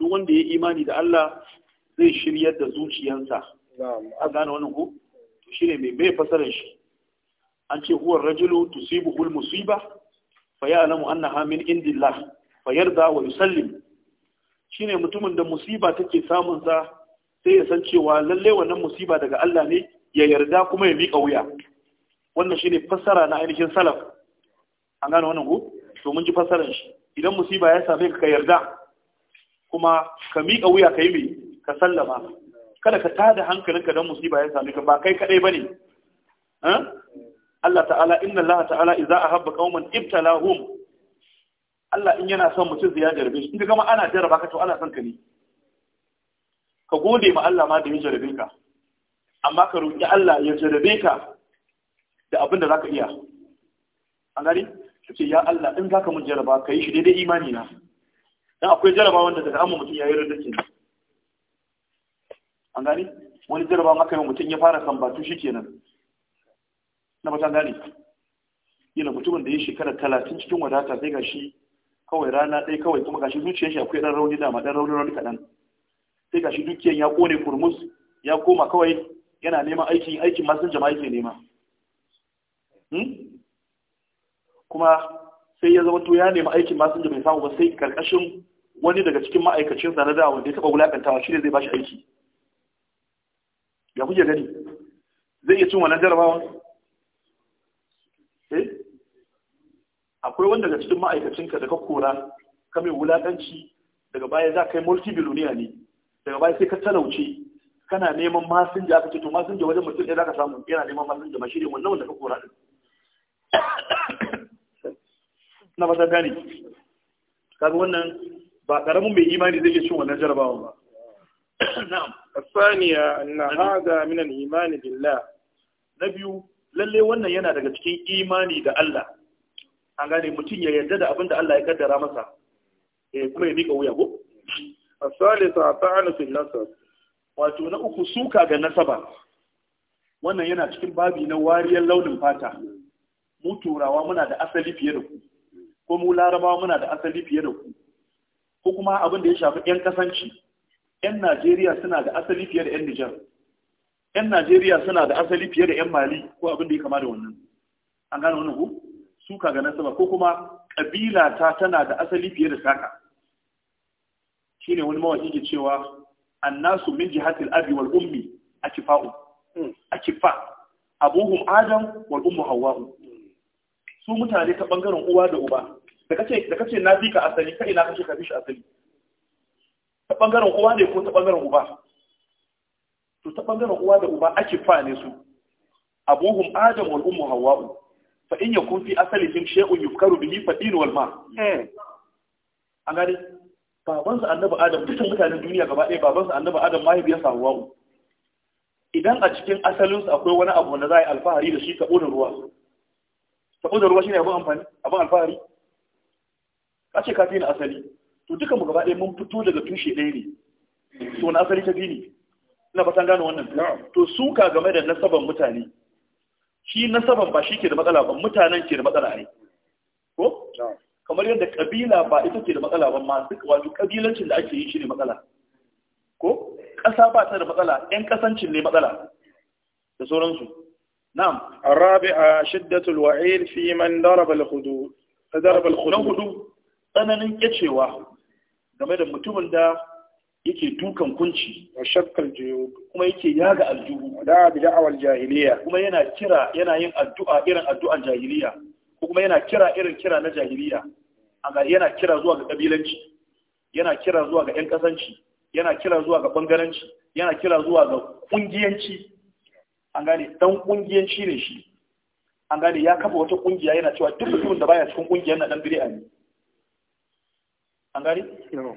duk wanda ya imani da Allah zai shiryar da zuciyarsa a gane wannan ko to shine mai mai fassarar shi an ce huwa rajulu tusibu al-musiba fa ya'lamu annaha min indillah fa yarda wa yusallim shine mutumin da musiba take samun sa sai ya san cewa lalle wannan musiba daga Allah ne ya yarda kuma ya miƙa wuya wannan shine fassara na ainihin salaf an gane wannan ko to mun ji fassaran shi idan musiba ya same ka ka yarda kuma ka miƙa wuya ka yi mai ka sallama kada ka tada hankalinka don musiba ya same ka ba kai kadai bane Allah ta'ala inna Allah ta'ala idza ahabba qauman ibtalahum Allah in yana son mutum zai ya jarabe shi in gama ana jaraba ka to ana son ka ne ka gode ma Allah ma da ya jarabe ka amma ka roƙi Allah ya jarabe ka da abin da zaka iya an gani kace ya Allah in zaka mun jaraba ka yi shi daidai imani na dan akwai jaraba wanda daga amma mutum ya yi rudda an gani wani jaraba maka yi mutum ya fara sambatu kenan. na ta gani yana mutumin da ya shekara talatin cikin wadata sai ga shi kawai rana ɗaya kawai kuma gashi zuciyar shi akwai ɗan rauni dama ɗan rauni rauni kaɗan sai gashi dukiyan ya ƙone kurmus ya koma kawai yana neman aiki aikin masu jama'a yake nema hmm? kuma sai ya zama to ya nemi aikin masu jama'a bai samu ba sai karkashin wani daga cikin ma'aikacin sa na da wanda ya taɓa wulakantawa shi ne zai bashi aiki ya kuke gani zai iya cin wannan jarabawa akwai wanda daga cikin ma'aikacinka da ka kora ka mai wulaƙanci daga baya za ka yi multi biloniya ne daga baya sai ka talauce kana neman masinja aka ce to masinja wajen mutum ɗaya za ka samu yana neman masinja da shi ne wannan wanda ka kora ɗin na fata gane kaga wannan ba ƙaramin mai imani zai iya cin wannan jarabawa ba na'am asaniya na haza min al-iman billah na biyu lalle wannan yana daga cikin imani da Allah an gane mutum ya yarda da abin da Allah ya kaddara masa eh kuma ya mika wuya ko asalisa ta'ala fil nasab wato na uku suka ga nasaba wannan yana cikin babi na wariyar launin fata mu turawa muna da asali fiye da ku ko mu larabawa muna da asali fiye da ku ko kuma abin da ya shafi yan kasanci yan Najeriya suna da asali fiye da yan Nijar yan Najeriya suna da asali fiye da yan Mali ko abin da ya kama da wannan an gane wannan ku suka ga sama ko kuma kabila ta tana da asali fiye da saka shine wani mawaki ke cewa annasu min jihatil abi wal ummi akifa'u hmm. akifa abuhum adam wal ummu hawwa'u su mutane ta bangaren uwa da uba da kace da kace na bi ka asali kai na kace ka bi shi asali ta bangaren uwa ne ko ta bangaren uba to ta bangaren uwa da uba akifa ne su abuhum adam wal ummu hawwa'u fa in ya kun fi asalihim shay'un yufkaru bihi fa din wal ma eh. an gani baban sa annabi adam dukkan mutanen duniya gaba ɗaya baban sa annabi adam samu hawwa'u idan a cikin asalin su akwai wani abu wanda za a yi alfahari da shi tabo da ruwa tabo da ruwa shine abin amfani abin alfahari ka ce ka fi ni asali to duka mu gaba ɗaya mun fito daga tushe ɗaya ne to wani asali ta fi ni ina fatan gane wannan to suka game da nasaban mutane shi nasaban ba shi ke da matsala ba mutanen ke da matsala ne ko kamar yadda kabila ba ita ke da matsala ba masu wato kabilancin da ake yi shi ne matsala ko ƙasa ba ta da matsala ƴan ƙasancin ne matsala da sauransu na'am arabi'a shiddatul wa'il fi man daraba al-hudud daraba al-hudud tsananin kecewa game da mutumin da yake dukan kunci wa shakkal kuma yake yaga aljuhu da bi da'awal jahiliya kuma yana kira yana yin addu'a irin addu'an jahiliya ko kuma yana kira irin kira na jahiliya aga yana kira zuwa ga kabilanci yana kira zuwa ga yan kasanci yana kira zuwa ga bangaranci yana kira zuwa ga kungiyanci an gane dan kungiyanci ne shi an gane ya kafa wata kungiya yana cewa duk mutumin da baya cikin kungiyar na dan bid'a ne an gari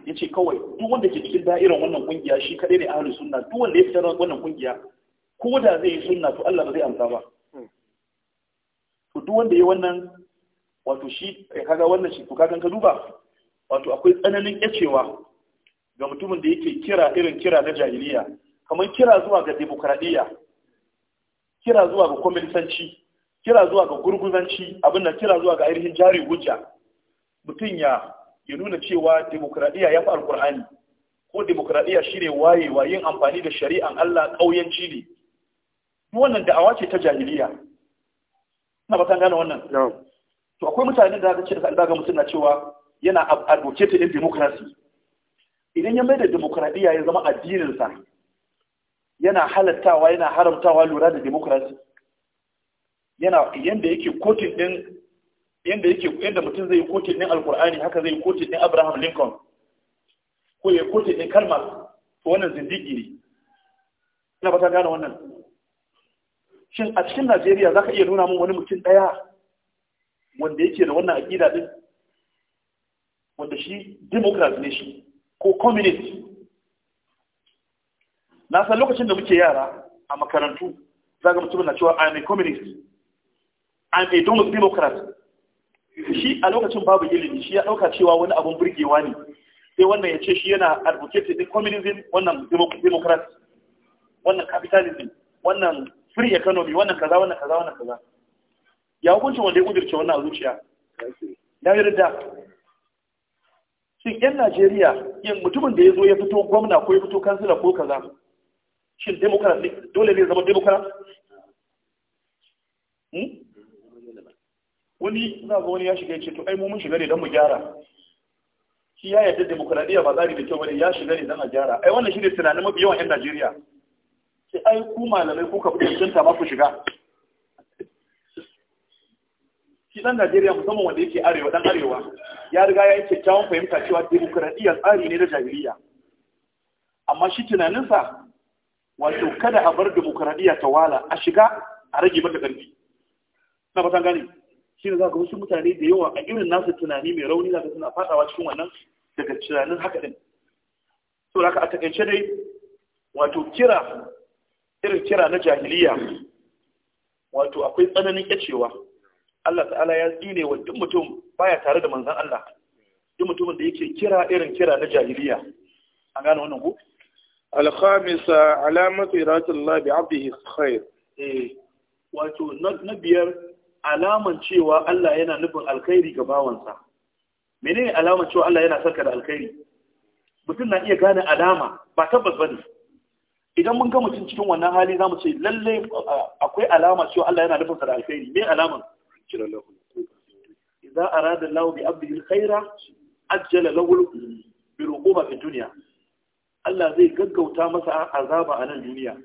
ya ce kawai duk wanda ke cikin da'irar wannan kungiya shi kaɗai ne ahalin suna duk wanda ya fitar wannan kungiya ko da zai yi suna to Allah ba zai amsa ba hmm. to duk wanda ya wannan wato shi eh, kaga wannan shi to kagan ka duba wato akwai tsananin yacewa ga mutumin da yake kira irin kira na jahiliya kamar kira zuwa ga demokradiyya kira zuwa ga kwamitanci kira zuwa ga gurguzanci abin da kira zuwa ga ainihin jari hujja mutum ya ya nuna cewa demokradiyya ya fi alkur'ani ko demokradiyya shi ne wayewa yin amfani da shari'an Allah ƙauyenci ne wannan da'awa ce ta jahiliya na ba gane wannan to akwai mutanen da aka ce da ga mutum na cewa yana advocate din democracy idan ya mai da demokradiyya ya zama addinin sa yana halattawa yana haramtawa lura da demokrasi yana yanda yake kotun din yanda yake yanda mutum zai kotin ɗin alkur'ani haka zai kotin ɗin abraham lincoln ko ya kotin ɗin Kalmar, wannan zindigi ne ina ba ta gane wannan shin a cikin najeriya za ka iya nuna min wani mutum ɗaya wanda yake da wannan aƙida ɗin, wanda shi democrat ne shi ko communist na san lokacin da muke yara a makarantu za ga mutum na cewa I am a communist I am a democrat shi a lokacin babu ilimi shi ya ɗauka cewa wani abun burgewa ne sai wannan ya ce shi yana advocate din communism wannan democracy, wannan capitalism wannan free economy wannan kaza wannan kaza wannan kaza ya hukunci wanda ya kudirce wannan a zuciya ya yarda shin yan najeriya yin mutumin da ya zo ya fito gwamna ko ya fito kansila ko kaza shin democracy ne dole ne zama democracy hmm? wani za ga wani ya shiga ce to ai mu mun shiga ne don mu gyara shi ya yadda demokradiyya ba tsari da kyau bane ya shiga ne don a gyara ai wannan shine tunanin mafi yawan yan Najeriya sai ai ku malamai ku ka fi cancanta ma ku shiga shi dan Najeriya musamman wanda yake arewa dan arewa ya riga ya yi kyakkyawan fahimta cewa demokradiyya tsari ne na jahiliya amma shi tunaninsa wato kada a bar demokradiyya ta wala a shiga a rage mata ƙarfi na fatan gani shi ne za ka wasu mutane da yawa a irin nasu tunani mai rauni za ka suna fadawa cikin wannan daga tunanin haka din so haka a takaice dai wato kira irin kira na jahiliya wato akwai tsananin kyacewa Allah ta'ala ya tsine wa duk mutum baya tare da manzon Allah duk mutumin da yake kira irin kira na jahiliya an gane wannan ku alkhamisa alamatu iratullah الله بعبده الخير. eh wato na biyar alaman cewa Allah yana nufin alkhairi ga bawansa menene alaman cewa Allah yana sarka da alkhairi mutum na iya gane alama ba tabbas bane idan mun ga mutum cikin wannan hali zamu ce lalle akwai alama cewa Allah yana nufin sa da alkhairi me alaman kira idza arada Allah bi abdihi alkhaira ajjala lahu bi ruquba fi dunya Allah zai gaggauta masa azaba a nan duniya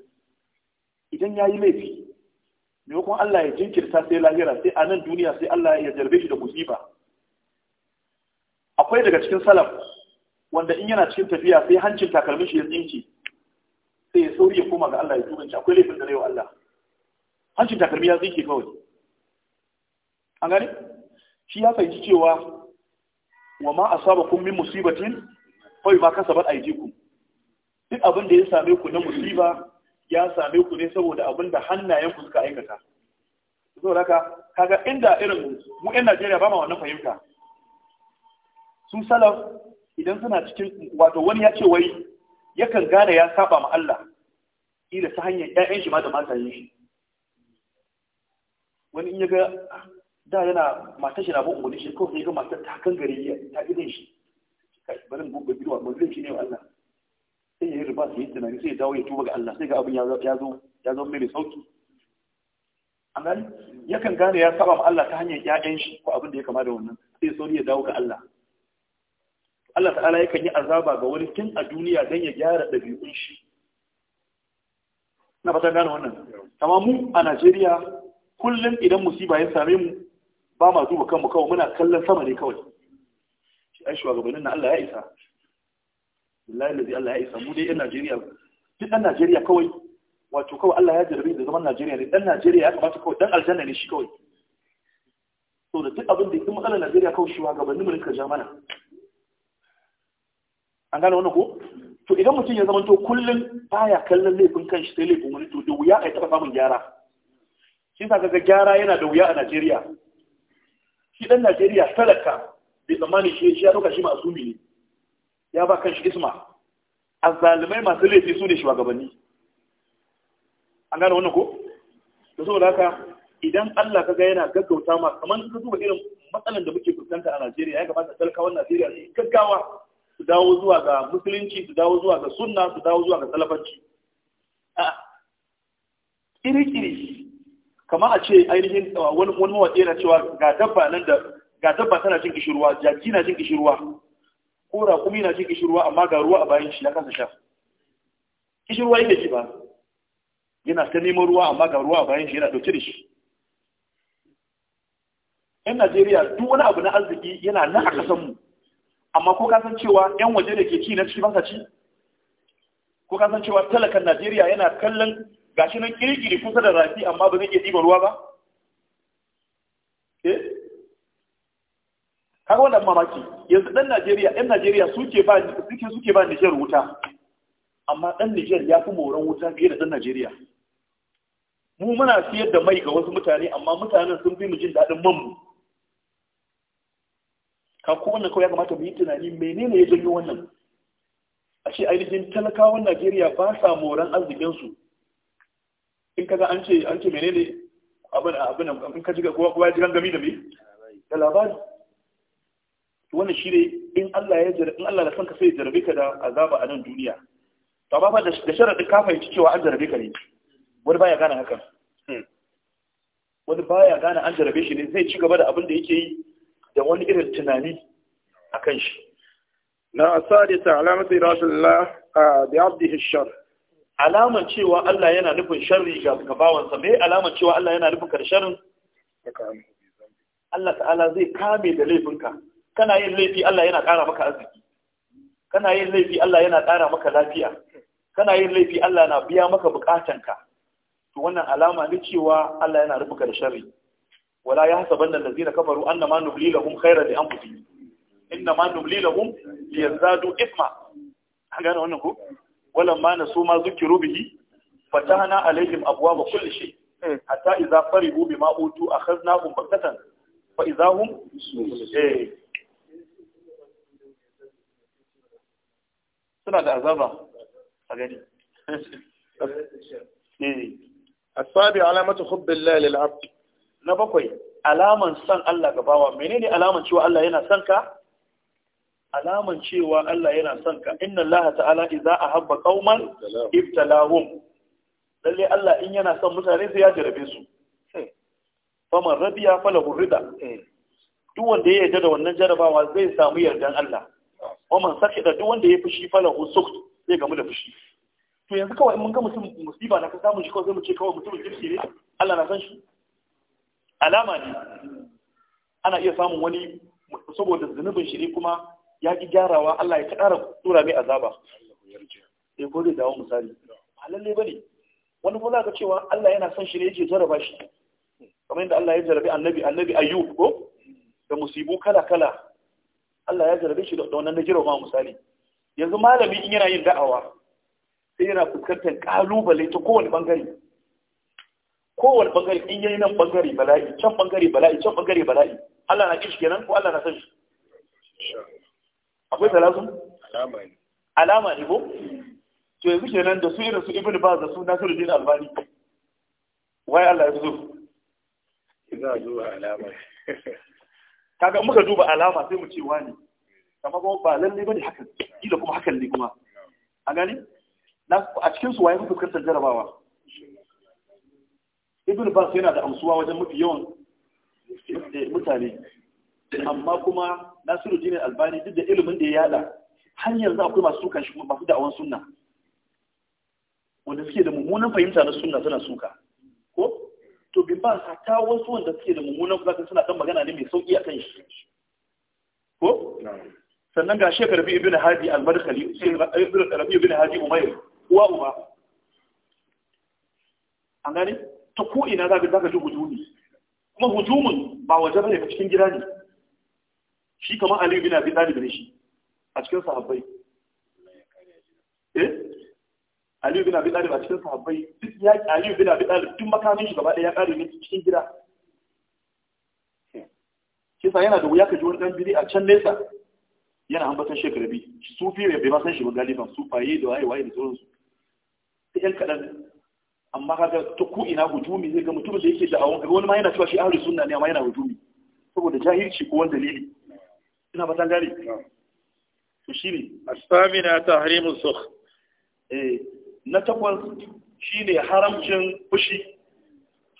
idan yayi laifi maimakon Allah ya jinkirta sai lahira sai a nan duniya sai Allah ya jarbe shi da musiba akwai daga cikin salaf wanda in yana cikin tafiya sai hancin takalmin shi ya tsinci sai ya sauri ya koma ga Allah ya tubanci akwai laifin da rewa Allah hancin takalmi ya tsinci kawai an gani shi ya fahimci cewa wa ma asabakum min musibatin fa ma kasabat aydikum duk abin da ya same ku na musiba ya same ku ne saboda abin da hannayen ku suka aikata Zo raka, kaga inda irin mu yan Najeriya ba ma wannan fahimta su salaf idan suna cikin wato wani ya ce wai yakan gane ya saba ma Allah ila ta hanyar ƴaƴan shi ma da matayen shi wani in ya ga da yana matar shi na bin shi kawai sai ga matar ta kan gari ta gidan shi kai bari mu gobe bidwa mu zai shi ne Allah sai ya yi riba sai ya tunani sai ya dawo ya tuba ga Allah sai ga abin ya zo ya zo mai sauki an gani yakan gane ya saba ma Allah ta hanyar ƴaƴan shi ko abin da ya kama da wannan sai sauri ya dawo ga Allah Allah ta'ala yakan yi azaba ga wani tun a duniya don ya gyara ɗabi'un shi na fatan gane wannan amma mu a Najeriya kullum idan musiba ya same mu ba ma duba kanmu kawai muna kallon sama ne kawai shi ai shugabannin na Allah ya isa billahi lazi Allah ya isa mu dai yan Najeriya duk dan Najeriya kawai wato kawai Allah ya jarrabe da zaman Najeriya ne dan Najeriya ya kamata kawai dan aljanna ne shi kawai so da duk abin da duk matsalar Najeriya kawai shi wa gabanin mu rika an gane wannan ko to idan mutum ya zama kullum baya kallon laifin kanshi sai laifin wani to da wuya a yi taɓa samun gyara shi sa kaga gyara yana da wuya a Najeriya shi dan Najeriya talaka bai tsammani shi ya ɗauka shi masumi ne ya ba kan shi isma azzalimai masu laifi su ne shugabanni an gane wannan ko da saboda haka idan Allah kaga yana gaggauta ma kaman ka zuba irin matsalan da muke fuskanta a Najeriya ya kamata talakawan Najeriya su gaggawa su dawo zuwa ga musulunci su dawo zuwa ga sunna su dawo zuwa ga salafanci a kiri-kiri kama a ce ainihin uh, wani mawaƙi yana cewa ga dabba nan da ga dabba tana jin kishirwa jaki na jin kishirwa kora kuma na ce kishirwa amma ga ruwa a bayan shi ya kasa sha kishirwa yake ji ba yana ta neman ruwa amma ga ruwa a bayan shi yana dauke da shi yan najeriya duk wani abu na arziki yana nan a mu amma ko kasan cewa yan waje da ke ci na ci ba ci ko kasan cewa talakan najeriya yana kallon gashi nan kirkiri kusa da rafi amma ba zai iya ɗiba ruwa ba eh kaga wannan mamaki yanzu dan Najeriya ɗan Najeriya suke ba suke suke ba Niger wuta amma dan Niger ya fi moran wuta fiye da dan Najeriya mu muna siyar da mai ga wasu mutane amma mutanen sun fi mu jin daɗin man ka ko wannan kawai ya kamata mu yi tunani menene ya janyo wannan a ce ainihin talakawan Najeriya ba sa moran arzikin su in kaga an ce an ce menene abin abin in ka ji ga kowa ya ji gangami da me da labari wannan shi ne in Allah ya in Allah da kanka sai ya jarabe ka da azaba a nan duniya to ba fa da sharadin ka fahimci cewa an jarabe ka ne wani baya gane hakan hmm. wani baya gane an jarabe shi ne zai ci gaba da abin da yake yi da wani irin tunani akan shi na asadisa alamatu iratullah bi abdihi shar alaman cewa Allah yana nufin sharri ga bawansa me alaman cewa Allah yana nufin karshen Allah ta'ala zai kame da laifinka kana yin laifi Allah yana ƙara maka arziki kana yin laifi Allah yana ƙara maka lafiya kana yin laifi Allah na biya maka buƙatanka to wannan alama ne cewa Allah yana rubuka da sharri wala yahsabanna allazina kafaru annama nubli lahum khayran li anfusihim innama nubli lahum liyazdadu ithma an gane wannan ko walamma nasu ma zukiru bihi fatahna alaihim abwaaba kulli shay hatta idza farihu bima utu akhadnahum baghtatan fa idza hum eh suna da azaba a gani asabi eh. alamatu hubbillahi lil abd na bakwai alaman san Allah ga bawa menene alaman cewa Allah yana son ka alaman cewa Allah yana son ka inna Allah ta'ala iza idza ahabba qauman ibtalahum lalle Allah in yana son mutane sai ya jarabe su eh. faman radiya falahu rida eh. duk wanda ya yarda da wannan jarabawa zai samu yardan Allah wa man da duk wanda ya fushi falon usukt zai gamu da fushi to yanzu kawai in mun ga mutum musiba na ka samu shi kawai sai mu ce kawai mutum kirki ne Allah na san shi alama ne ana iya samun wani saboda zunubin shi ne kuma ya ki gyarawa Allah ya ƙara tura mai azaba Sai eh, ko zai dawo misali ba lalle bane wani ko za ka cewa Allah yana son shi ne yake jarraba shi kamar yadda Allah ya jarabi annabi annabi ayyub ko da musibu kala kala Allah ya jarabe shi da wannan na ma misali yanzu malami in yana yin da'awa sai yana fuskantar kalubale ta kowane bangare kowane bangare in yayi nan bangare bala'i can bangare bala'i can bangare bala'i Allah na kishi kenan ko Allah na san shi akwai talazun alama ne alama ne ko to yanzu kenan da su irin su ibnu baz da su nasiruddin albani wai Allah ya zo Ina zuwa alama kaga muka duba alama sai mu ce wani kamar kuma ba lalle bane hakan kila kuma hakan ne kuma a gani a cikin su waye fuskantar jarabawa ibn bas yana da amsuwa wajen mafi yawan mutane amma kuma nasiru dinin albani duk da ilimin da ya yada har yanzu akwai masu suka shi masu da'awan sunna wanda suke da mummunan fahimta na sunna suna suka ko to bi ba hatta wasu wanda suke da mummunan zaka suna dan magana ne mai sauki kan shi ko sannan ga shekar rabi ibn hadi al barkali shekar rabi ibn hadi umayr uwa uba an gane ta ko ina zaka zaka ji hujumi kuma hujumun ba waje bane cikin gida ne shi kamar ali ibn abi talib ne shi a cikin sahabbai eh Aliyu bin Abi Talib a cikin sahabbai duk ya Aliyu bin Abi Talib duk makamin shi gaba ɗaya ya ƙare ne cikin gida kisa yana da wuya ka ji wani ɗan biri a can nesa yana ambatan shekarabi sufi ne bai ma san shi ba galiban sufaye da waye waye da sauransu sai yan kaɗan amma kaga ta ko ina hujumi zai ga mutumin da yake da awon wani ma yana cewa shi ahlus sunna ne amma yana hujumi saboda jahilci ko wani dalili ina ba tan gare to shine asamina tahrimus sukh eh na takwas ne haramcin fushi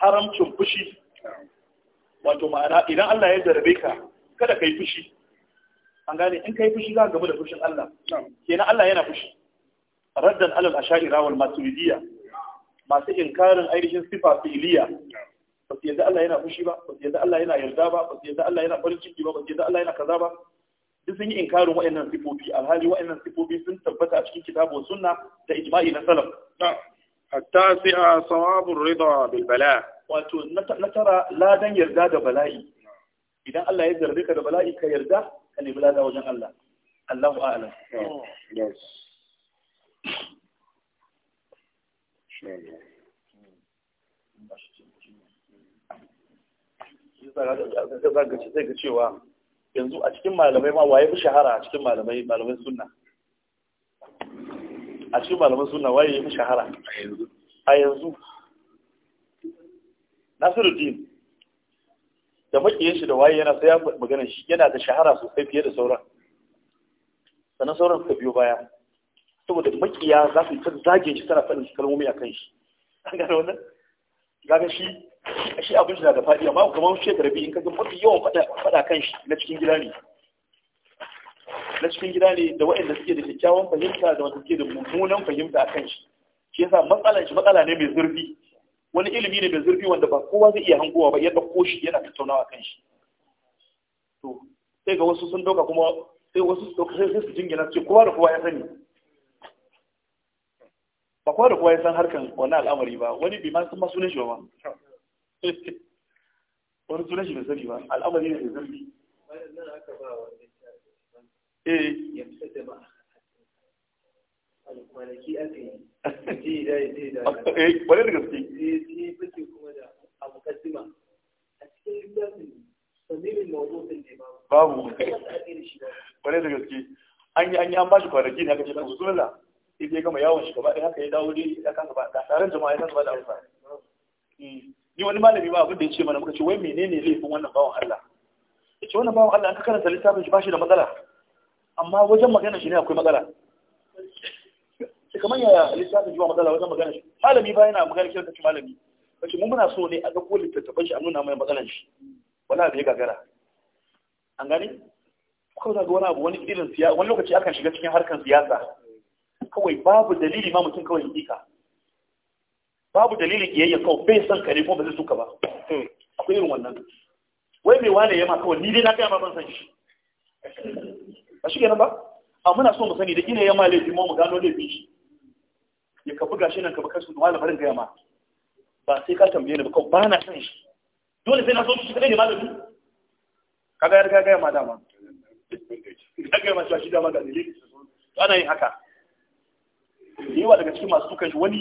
haramcin fushi wato ma'ana idan Allah ya jarabe ka kada ka yi fushi an gane in ka yi fushi za a gaba da fushin Allah kenan Allah yana fushi raddan alal asha'ira wal maturidiyya masu inkarin ainihin sifa fi'iliya ba su yanzu Allah yana fushi ba ba su yanzu Allah yana yarda ba ba su yanzu Allah yana farin ciki ba ba su yanzu Allah yana kaza ba in sun yi inkarin waɗannan sifofi alhali waɗannan sifofi sun tabbata a cikin kitabu sunna da ijma'i na salaf hatta sai a sawabun rida bil bala wato na tara ladan yarda da bala'i idan Allah ya zarbe ka da bala'i ka yarda ka nemi lada wajen Allah Allahu a'lam yes zai ga cewa yanzu a cikin malamai ma waye fi shahara a cikin malamai malamai sunna a cikin malamai sunna waye ya fi shahara a yanzu nasiruddin da makiyin shi da waye yana sai ya magana shi yana da shahara sosai fiye da sauran sannan sauran suka biyo baya saboda makiya za su ta zage shi tana faɗin kalmomi a kan shi an gane wannan gaga shi shi abin shi daga faɗi amma kuma shi rabi in ga mafi yawan faɗa kan shi na cikin gida ne na cikin gida ne da waɗanda suke da kyakkyawan fahimta da wanda suke da mummunan fahimta kan shi shi yasa matsalar shi matsala ne mai zurfi wani ilimi ne mai zurfi wanda ba kowa zai iya hangowa ba Ya ɗauko shi yana tattaunawa kan shi to sai ga wasu sun dauka kuma sai wasu su dauka sai su jingina ce kowa da kowa ya sani ba kowa da kowa ya san harkan wani al'amari ba wani bi ma sun ma sunan shi ba wani suna shi da sani ba al'amari ne da zurfi aka yi ji da ba'a ce wani da gaske da a babu wani da gaske an yi an yi an bashi kwanaki ne aka ce ku ya gama yawon shi gaba ɗaya haka ya dawo ne ya kasa ba da taron jama'a ya kasa ba da amfani eh. ni wani malami ba abin da ya ce mana muka ce wai menene laifin wannan bawan Allah ya ce wannan bawan Allah an ka karanta littafin shi ba shi da matsala amma wajen magana shi ne akwai matsala kamar yaya littafin shi ba matsala wajen magana shi malami ba yana magana shi kace malami kace mun muna so ne a ga ko littattafan shi a nuna mai matsalan shi wala bai gagara an gani? ko da wani abu wani irin siyasa wani lokaci akan shiga cikin harkar siyasa kawai babu dalili ma mutum kawai ka babu dalilin kiyayya kawo bai san kare ko ba zai suka ba akwai irin wannan wai mai wane ya ma kawai ni dai na kaya ma ban san shi a shi ba a muna so mu sani da ina yamma ma laifi mu gano laifin shi ya ka buga shi nan ka kasu su malamin ga ma ba sai ka tambaye ni ba kawai ba na san shi dole sai na so shi kadai ne malami kaga ya ka ga ma dama ga ma shi dama ga dalilin ana yin haka wa daga cikin masu dukan shi wani